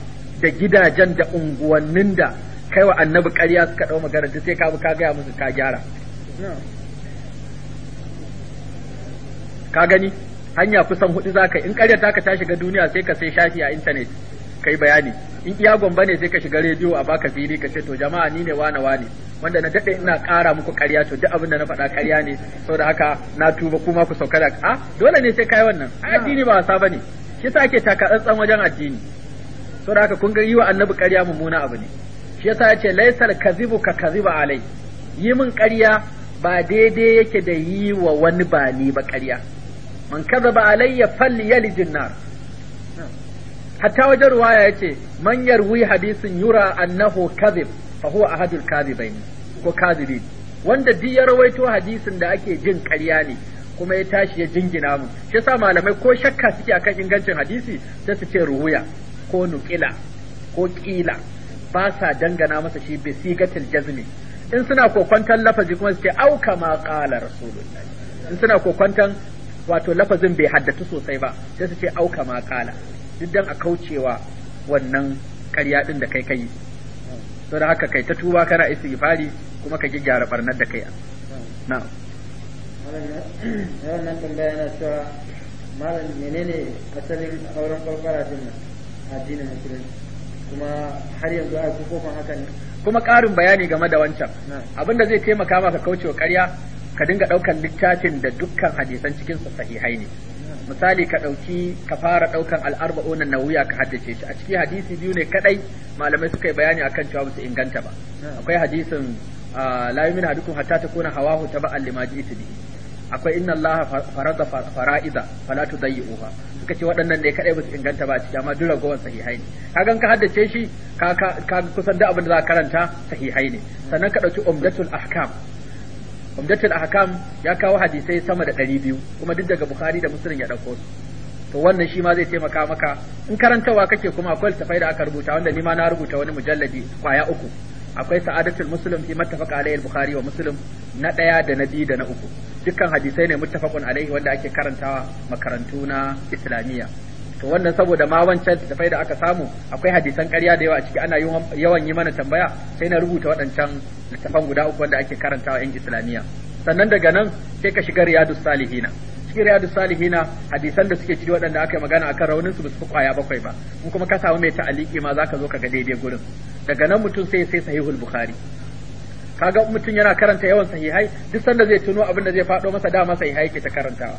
da gidajen da unguwannin da kai wa annabi ƙarya suka ɗau magana duk sai ka bi ka gaya musu ka gyara ka gani hanya kusan hudu zaka in ƙarya ta ka ta shiga duniya sai ka sai shafi a intanet kai bayani in iya gomba ne sai ka shiga rediyo a baka fili ka ce to jama'a ni ne wane wane wanda na dade ina kara muku ƙarya to duk abin da na faɗa ƙarya ne saboda haka na tuba kuma ku sauka da a ah, dole ne sai kai wannan addini ba wasa bane shi yasa ake taka tsantsan wajen addini saboda haka kun ga yi wa annabi ƙarya mummuna abu ne shi yasa ya ce laisal kazibu ka kaziba alai yi min ƙarya ba daidai yake da yi wa wani ba ni ba ƙarya man kazaba alayya falyalij nar hatta wajen ya ce, man yarwi hadisin yura annahu kazib fa huwa ahadul ne ko kazibi wanda duk ya rawaito hadisin da ake jin karya ne kuma ya tashi ya jingina mu shi sa malamai ko shakka suke akan ingancin hadisi sai su ce ruhuya ko nuƙila, ko ƙila, ba sa dangana masa shi bi sigatil jazmi in suna kokwantan lafazi kuma suke auka au rasulullahi in suna kokwantan wato lafazin bai haddatu sosai ba sai su ce auka kama duk dan a kaucewa wannan ƙarya din da kai kai to da haka kai ta tuba kana istighfari kuma ka ji gyara barnar da kai na'am wannan tambaya yana cewa malam menene asalin auren kwalkwara din addinin musulunci kuma har yanzu a kofan haka ne kuma ƙarin bayani game da wancan abinda zai taimaka maka kaucewa ƙarya ka dinga ɗaukan littafin da dukkan hadisan cikin sahihai ne misali ka ɗauki ka fara ɗaukan al'arba'una na wuya ka haddace shi a ciki hadisi biyu ne kadai malamai suka yi bayani akan cewa su inganta ba akwai hadisin la yumin hadukum hatta takuna hawahu taba'an lima ji'tu bihi akwai inna allaha farada fara'iza fala tudayyi'uha suka ce waɗannan ne kadai ba su inganta ba ciki amma duk ragowar sahihai ne gan ka haddace shi ka ka kusan da abin da za ka karanta sahihai ne sannan ka ɗauki umdatul ahkam umdatul ahkam ya kawo hadisai sama da 200 kuma duk daga bukhari da muslim ya dauko su to wannan shi ma zai taimaka maka in karantawa kake kuma akwai littafai da aka rubuta wanda ni ma na rubuta wani mujalladi kwaya uku akwai sa'adatul muslim fi muttafaq alayhi al-bukhari wa muslim na daya da na biyu da na uku dukkan hadisai ne muttafaqun alaihi wanda ake karantawa makarantu na islamiyya to wannan saboda ma wancan tafai da aka samu akwai hadisan ƙarya da yawa a ciki ana yawan yi mana tambaya sai na rubuta waɗancan littafan guda uku wanda ake karantawa yan islamiyya sannan daga nan sai ka shiga riyadus salihina cikin riyadus salihina hadisan da suke ciki waɗanda aka yi magana akan raunin su su kwaya bakwai ba in kuma ka samu mai ta'aliki ma zaka zo ka ga daidai gurin daga nan mutum sai sai sahihul bukhari kaga mutum yana karanta yawan sahihai duk sanda zai tuno abin da zai faɗo masa dama sahihai ke ta karantawa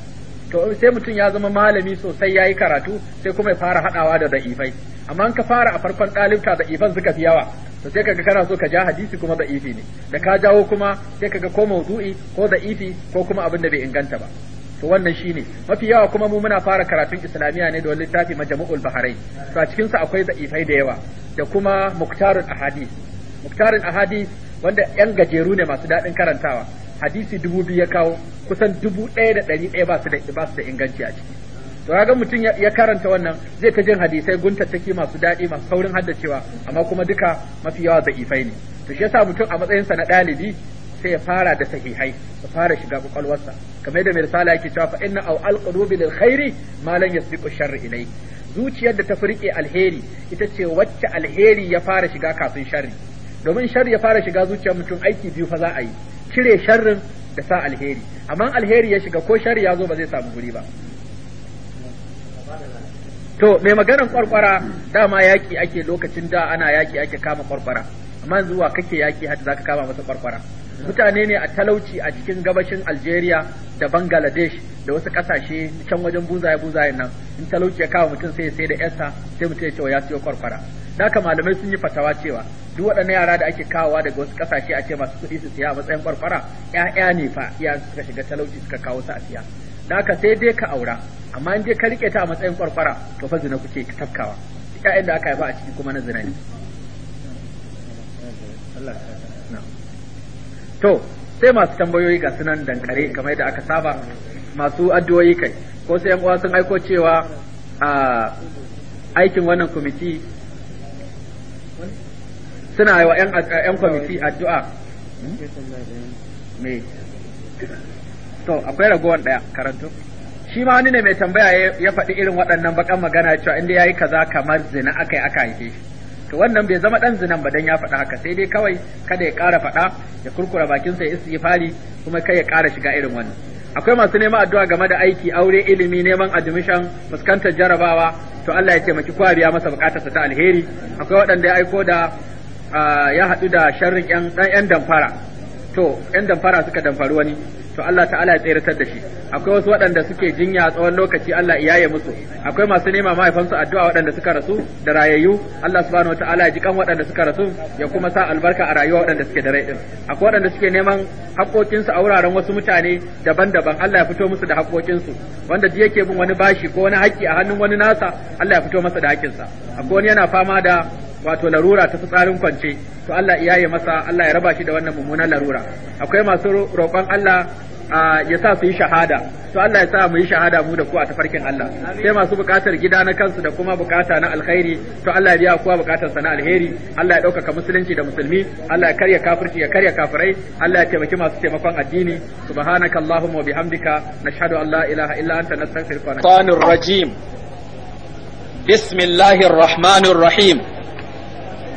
to sai mutum ya zama malami sosai ya yi karatu sai kuma ya fara haɗawa da da'ifai amma ka fara a farkon da ifan suka fi yawa to sai kaga kana so ka ja hadisi kuma za'ifi ne da ka jawo kuma sai kaga ko mawdu'i ko za'ifi ko kuma abin da bai inganta ba to wannan shine mafi yawa kuma mu muna fara karatun islamiya ne da littafi majmu'ul bahrain to a cikin sa akwai za'ifai da yawa da kuma muktarul ahadith muktarul ahadith wanda yan gajeru ne masu daɗin karantawa hadisi dubu biyu ya kawo kusan dubu ɗaya da ɗari ɗaya ba su da inganci a ciki to ga mutum ya karanta wannan zai ta jin hadisai guntattaki masu daɗi masu saurin haddacewa amma kuma duka mafi yawa za'ifai ne to shi yasa mutum a matsayinsa na ɗalibi sai ya fara da sahihai ya fara shiga kwakwalwarsa kamar da mai yake cewa fa inna aw alqulubi lil khairi ma lan yasbiqu sharr ilai zuciyar da ta furke alheri ita ce wacce alheri ya fara shiga kafin sharri domin shari ya fara shiga zuciyar mutum aiki biyu fa za a yi cire sharrin da sa alheri amma alheri ya shiga ko sharri ya zo ba zai samu guri ba to mai maganar kwarkwara dama yaki ake lokacin da ana yaki ake kama kwarkwara amma zuwa kake yaki har zaka kama masa kwarkwara mutane ne a talauci a cikin gabashin Algeria da Bangladesh da wasu kasashe can wajen buzaye buzaye nan in talauci ya kawo mutum sai ya sai da yasa sai mutum ya ce ya siyo kwarkwara haka malamai sun yi fatawa cewa duk waɗannan yara da ake kawowa daga wasu ƙasashe a ce masu kuɗi su siya a matsayin farfara ƴaƴa ne fa iya suka shiga talauci suka kawo su a siya da haka sai dai ka aura amma in je ka riƙe ta a matsayin farfara to fa zina kuke tafkawa ƴaƴan da aka haifa a ciki kuma na zina ne to sai masu tambayoyi ga sunan dankare kamar da aka saba masu addu'o'i kai ko sai yan uwa sun aiko cewa a aikin wannan kwamiti suna yi wa ‘yan kwamiti addu'a hmm? me to akwai ragowar ɗaya karatu shi ma wani ne mai tambaya ya faɗi irin waɗannan bakan magana cewa inda ya yi kaza kamar zina aka yi aka haife shi to wannan bai zama ɗan zinan ba dan ya faɗa haka sai dai kawai kada ya ƙara faɗa ya kurkura bakinsa ya fali kuma kai ya ƙara shiga irin wannan akwai masu neman addu'a game da aiki aure ilimi neman admission fuskantar jarabawa to Allah ya taimaki kwariya masa bukatarsa ta alheri akwai waɗanda ya aiko da ya haɗu da sharrin yan damfara to yan damfara suka damfari wani to Allah ta'ala ya tseratar da shi akwai wasu waɗanda suke jinya tsawon lokaci Allah iyaye musu akwai masu nema mahaifansu addu'a waɗanda suka rasu da rayayyu Allah subhanahu wataala ya ji kan waɗanda suka rasu ya kuma sa albarka a rayuwa waɗanda suke da rai din akwai waɗanda suke neman haƙoƙinsu a wuraren wasu mutane daban-daban Allah ya fito musu da haƙoƙinsu wanda duk yake bin wani bashi ko wani haƙƙi a hannun wani nasa Allah ya fito masa da haƙƙinsa akwai wani yana fama da wato larura ta fitsarin kwance to Allah ya yi masa Allah ya raba shi da wannan mummunan larura akwai masu roƙon Allah ya sa su yi shahada to Allah ya sa mu yi shahada mu da ku a tafarkin Allah sai masu bukatar gida na kansu da kuma bukata na alkhairi to Allah ya biya kowa bukatar sa na alheri Allah ya ɗaukaka musulunci da musulmi Allah ya karya kafirci ya karya kafirai Allah ya taimaki masu taimakon addini subhanaka allahumma wa bihamdika nashhadu an la ilaha illa anta nastaghfiruka wa rajim bismillahir rahmanir rahim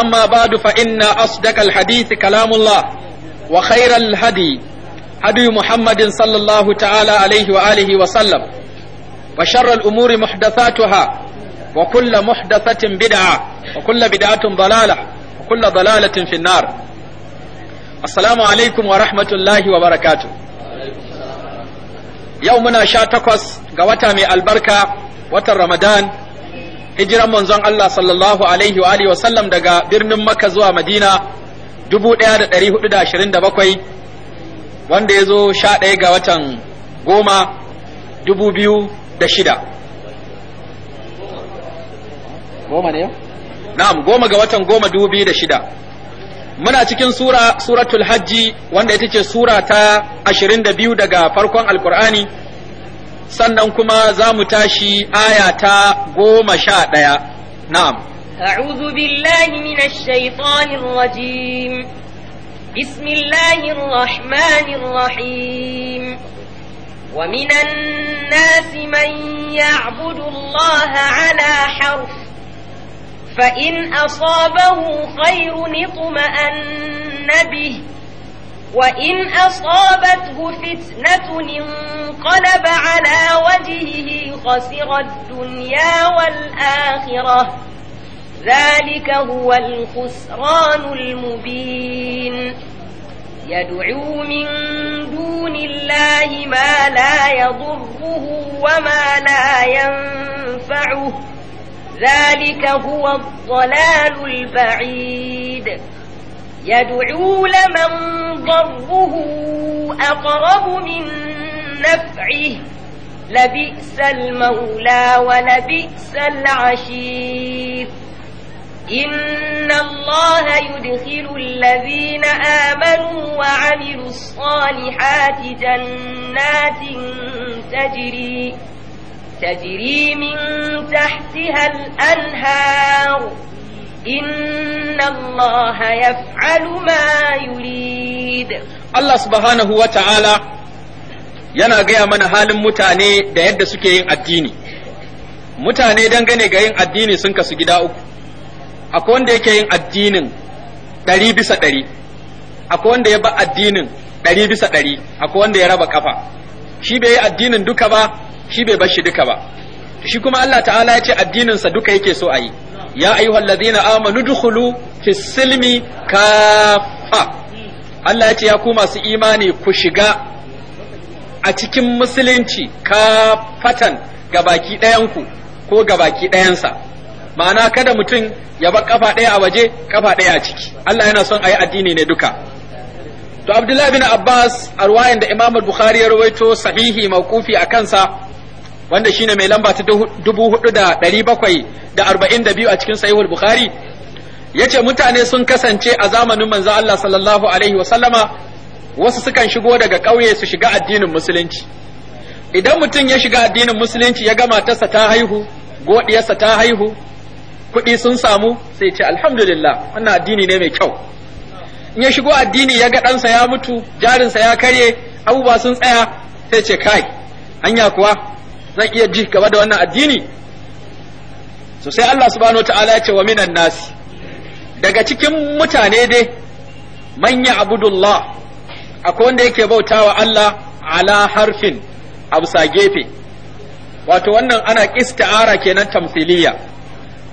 أما بعد فإن أصدق الحديث كلام الله وخير الهدي هدي محمد صلى الله تعالى عليه وآله وسلم وشر الأمور محدثاتها وكل محدثة بدعة وكل بدعة ضلالة وكل ضلالة في النار السلام عليكم ورحمة الله وبركاته يومنا شاتقس قوتا من البركة وتر رمضان hijiran manzon Allah sallallahu alaihi wa alihi wa sallam daga birnin Makka zuwa Madina 1427 wanda ya zo 11 ga watan goma 2006 goma ne na'am goma ga watan goma 2006 muna cikin sura suratul hajji wanda ita ce sura ta 22 daga farkon alkur'ani sannan kuma za mu tashi aya ta goma sha ɗaya na'am أعوذ بالله من الشيطان الرجيم بسم الله الرحمن الرحيم ومن الناس من يعبد الله على حرف فإن أصابه خير اطمأن به وإن أصابته فتنة انقلب على وجهه خسر الدنيا والآخرة ذلك هو الخسران المبين يدعو من دون الله ما لا يضره وما لا ينفعه ذلك هو الضلال البعيد يدعو لمن ضره أقرب من نفعه لبئس المولى ولبئس العشير إن الله يدخل الذين آمنوا وعملوا الصالحات جنات تجري تجري من تحتها الأنهار inna Allah yaf'alu ma yurid Allah subhanahu wa ta'ala yana gaya mana halin mutane da yadda suke yin addini mutane dangane ga yin addini sun kasu gida uku akwai wanda yake yin addinin ɗari bisa ɗari akwai wanda ya ba addinin ɗari bisa ɗari akwai wanda ya raba kafa shi bai yi addinin duka ba shi bai bar shi duka ba shi kuma Allah ta'ala ya ce addininsa duka yake so a yi ya ayyuhal alladhina amanu dukhulu fis silmi kafa Allah ya ce ya ku masu imani ku shiga a cikin musulunci kafatan ga baki ɗayanku ko gabaki ɗayansa ma'ana kada mutum ya bar kafa ɗaya a waje kafa ɗaya a ciki Allah yana son a yi addini ne duka to Abdullahi bin Abbas a da Imam Bukhari ya rawaito sahihi mawqufi a kansa wanda shine mai lamba ta dubu hudu da ɗari bakwai da arba'in da biyu a cikin sahihul bukhari ya ce mutane sun kasance a zamanin manzo Allah sallallahu alaihi wa sallama wasu sukan shigo daga ƙauye su shiga addinin musulunci idan mutum ya shiga addinin musulunci ya gama tasa ta haihu godiyarsa ta haihu kuɗi sun samu sai ce alhamdulillah wannan addini ne mai kyau in ya shigo addini ya ga ɗansa ya mutu jarinsa ya karye abubuwa sun tsaya sai ce kai hanya kuwa zan iya ji gaba da wannan addini so sai Allah subhanahu wataala ya ce wa minan nasi daga cikin mutane dai manya abudullah akwai wanda yake bautawa Allah ala harfin abusa gefe wato wannan ana ƙista'ara kenan tamsiliya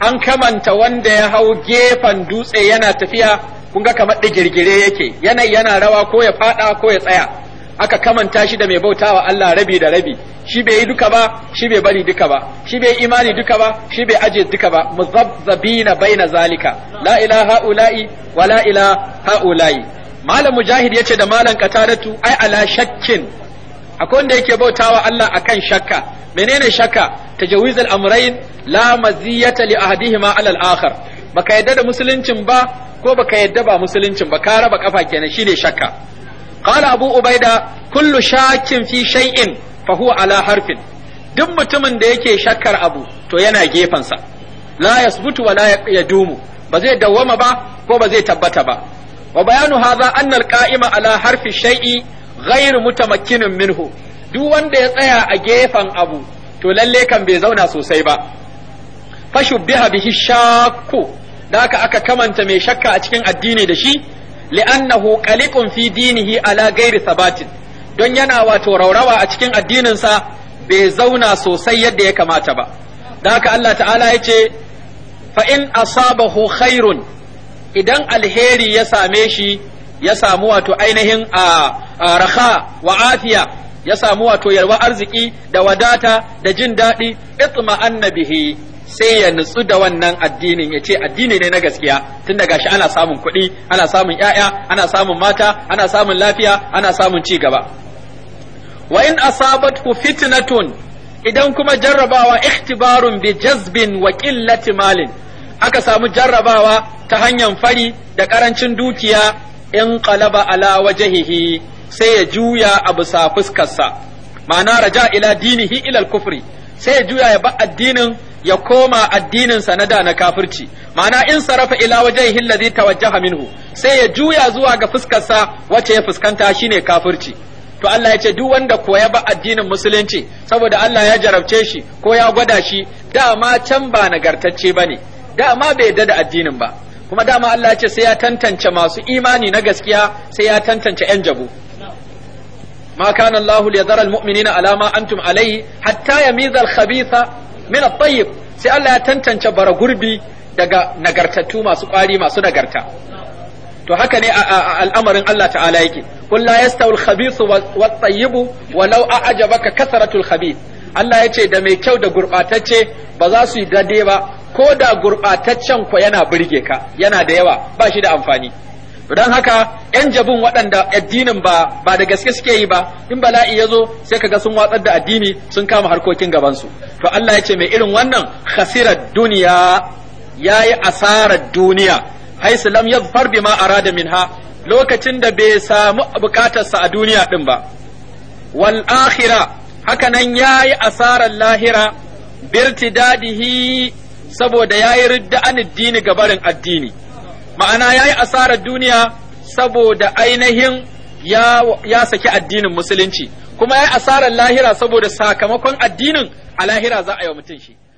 an kamanta wanda ya hau gefen dutse yana tafiya kun ga kamar digirgire yake yana yana rawa ko ya fada ko ya tsaya aka kamanta shi da mai bautawa Allah rabi da rabi shi bai yi duka ba shi bai bari duka ba shi bai imani duka ba shi bai aje duka ba muzabzabina baina zalika la ilaha ula'i wa la ilaha ula'i malam mujahid yace da malam qataratu ai ala shakkin akwai wanda yake bautawa Allah akan shakka menene shakka al amrayn la maziyata li ahadihima ala al-akhar baka yadda da musuluncin ba ko baka yadda ba musuluncin ba ka raba kafa kenan shine shakka قال abu ubaida kullu شاك fi شيء فهو على ala harfin duk mutumin da yake shakkar abu to yana gefansa la yasbutu wa la yadumu ba zai dawwama ba ko ba zai tabbata ba wa bayanu hadha anna alqa'ima ala harfi shay'i ghairu mutamakkinin minhu duk wanda ya tsaya a gefen abu to lalle kan bai zauna sosai ba fashubbiha bihi shakku da aka aka kamanta mai shakka a cikin addini da shi li'annahu qaliqun fi dinihi ala ghairi sabatin don yana wato raurawa a cikin addininsa bai zauna sosai yadda ya kamata ba da haka Allah ta'ala ya ce fa in asabahu khairun idan alheri ya same shi ya samu wato ainihin a raha wa afiya ya samu wato yalwa arziki da wadata da jin daɗi itma'anna bihi sai ya nutsu da wannan addinin ya ce addini ne na gaskiya tun da gashi ana samun kuɗi ana samun ‘ya'ya ana samun mata ana samun lafiya ana samun ci gaba wa in fitina fitnatun idan kuma jarrabawa ikhtibarun bi jazbin wa qillati malin aka samu jarrabawa ta hanyar fari da karancin dukiya in qalaba ala wajhihi sai ya juya a sa fuskarsa ma'ana raja ila dinihi ila al-kufri sai ya juya ya ba addinin ya koma addinin sa na da na kafirci ma'ana in sarafa ila wajhihi allazi tawajjaha minhu sai ya juya zuwa ga fuskar sa wacce ya fuskanta shine kafirci to Allah ya ce duk wanda ko ya ba addinin musulunci saboda Allah ya jarabce shi ko ya gwada shi dama can ba nagartacce bane dama bai yarda da addinin ba kuma dama Allah ya ce sai ya tantance masu imani na gaskiya sai ya tantance yan jabu ma kana Allah liyadhara almu'minina antum alayhi hatta yamiza alkhabitha min at sai Allah ya tantance bara gurbi daga nagartattu masu kwari masu nagarta to haka ne a al'amarin Allah ta'ala yake qul la yastawi al-khabithu wat-tayyibu walau a'jabaka kasratu al-khabith Allah ya ce da mai kyau da gurɓatacce ba za su yi dade ba ko da gurɓataccen ko yana burge ka yana da yawa ba shi da amfani don haka yan jabin waɗanda addinin ba ba da gaske suke yi ba in bala'i ya zo sai kaga sun watsar da addini sun kama harkokin gabansu to Allah ya ce mai irin wannan khasirar duniya yayi asarar duniya haisu lam yadhfar bima arada minha lokacin da bai samu bukatarsa a duniya din ba wal akhira haka nan yayi asarar lahira birtidadihi saboda yayi ridda an addini gabarin addini ma'ana ya yi asarar duniya saboda ainihin ya, saki addinin musulunci kuma ya yi asarar lahira saboda sakamakon addinin a lahira za a yi wa mutum shi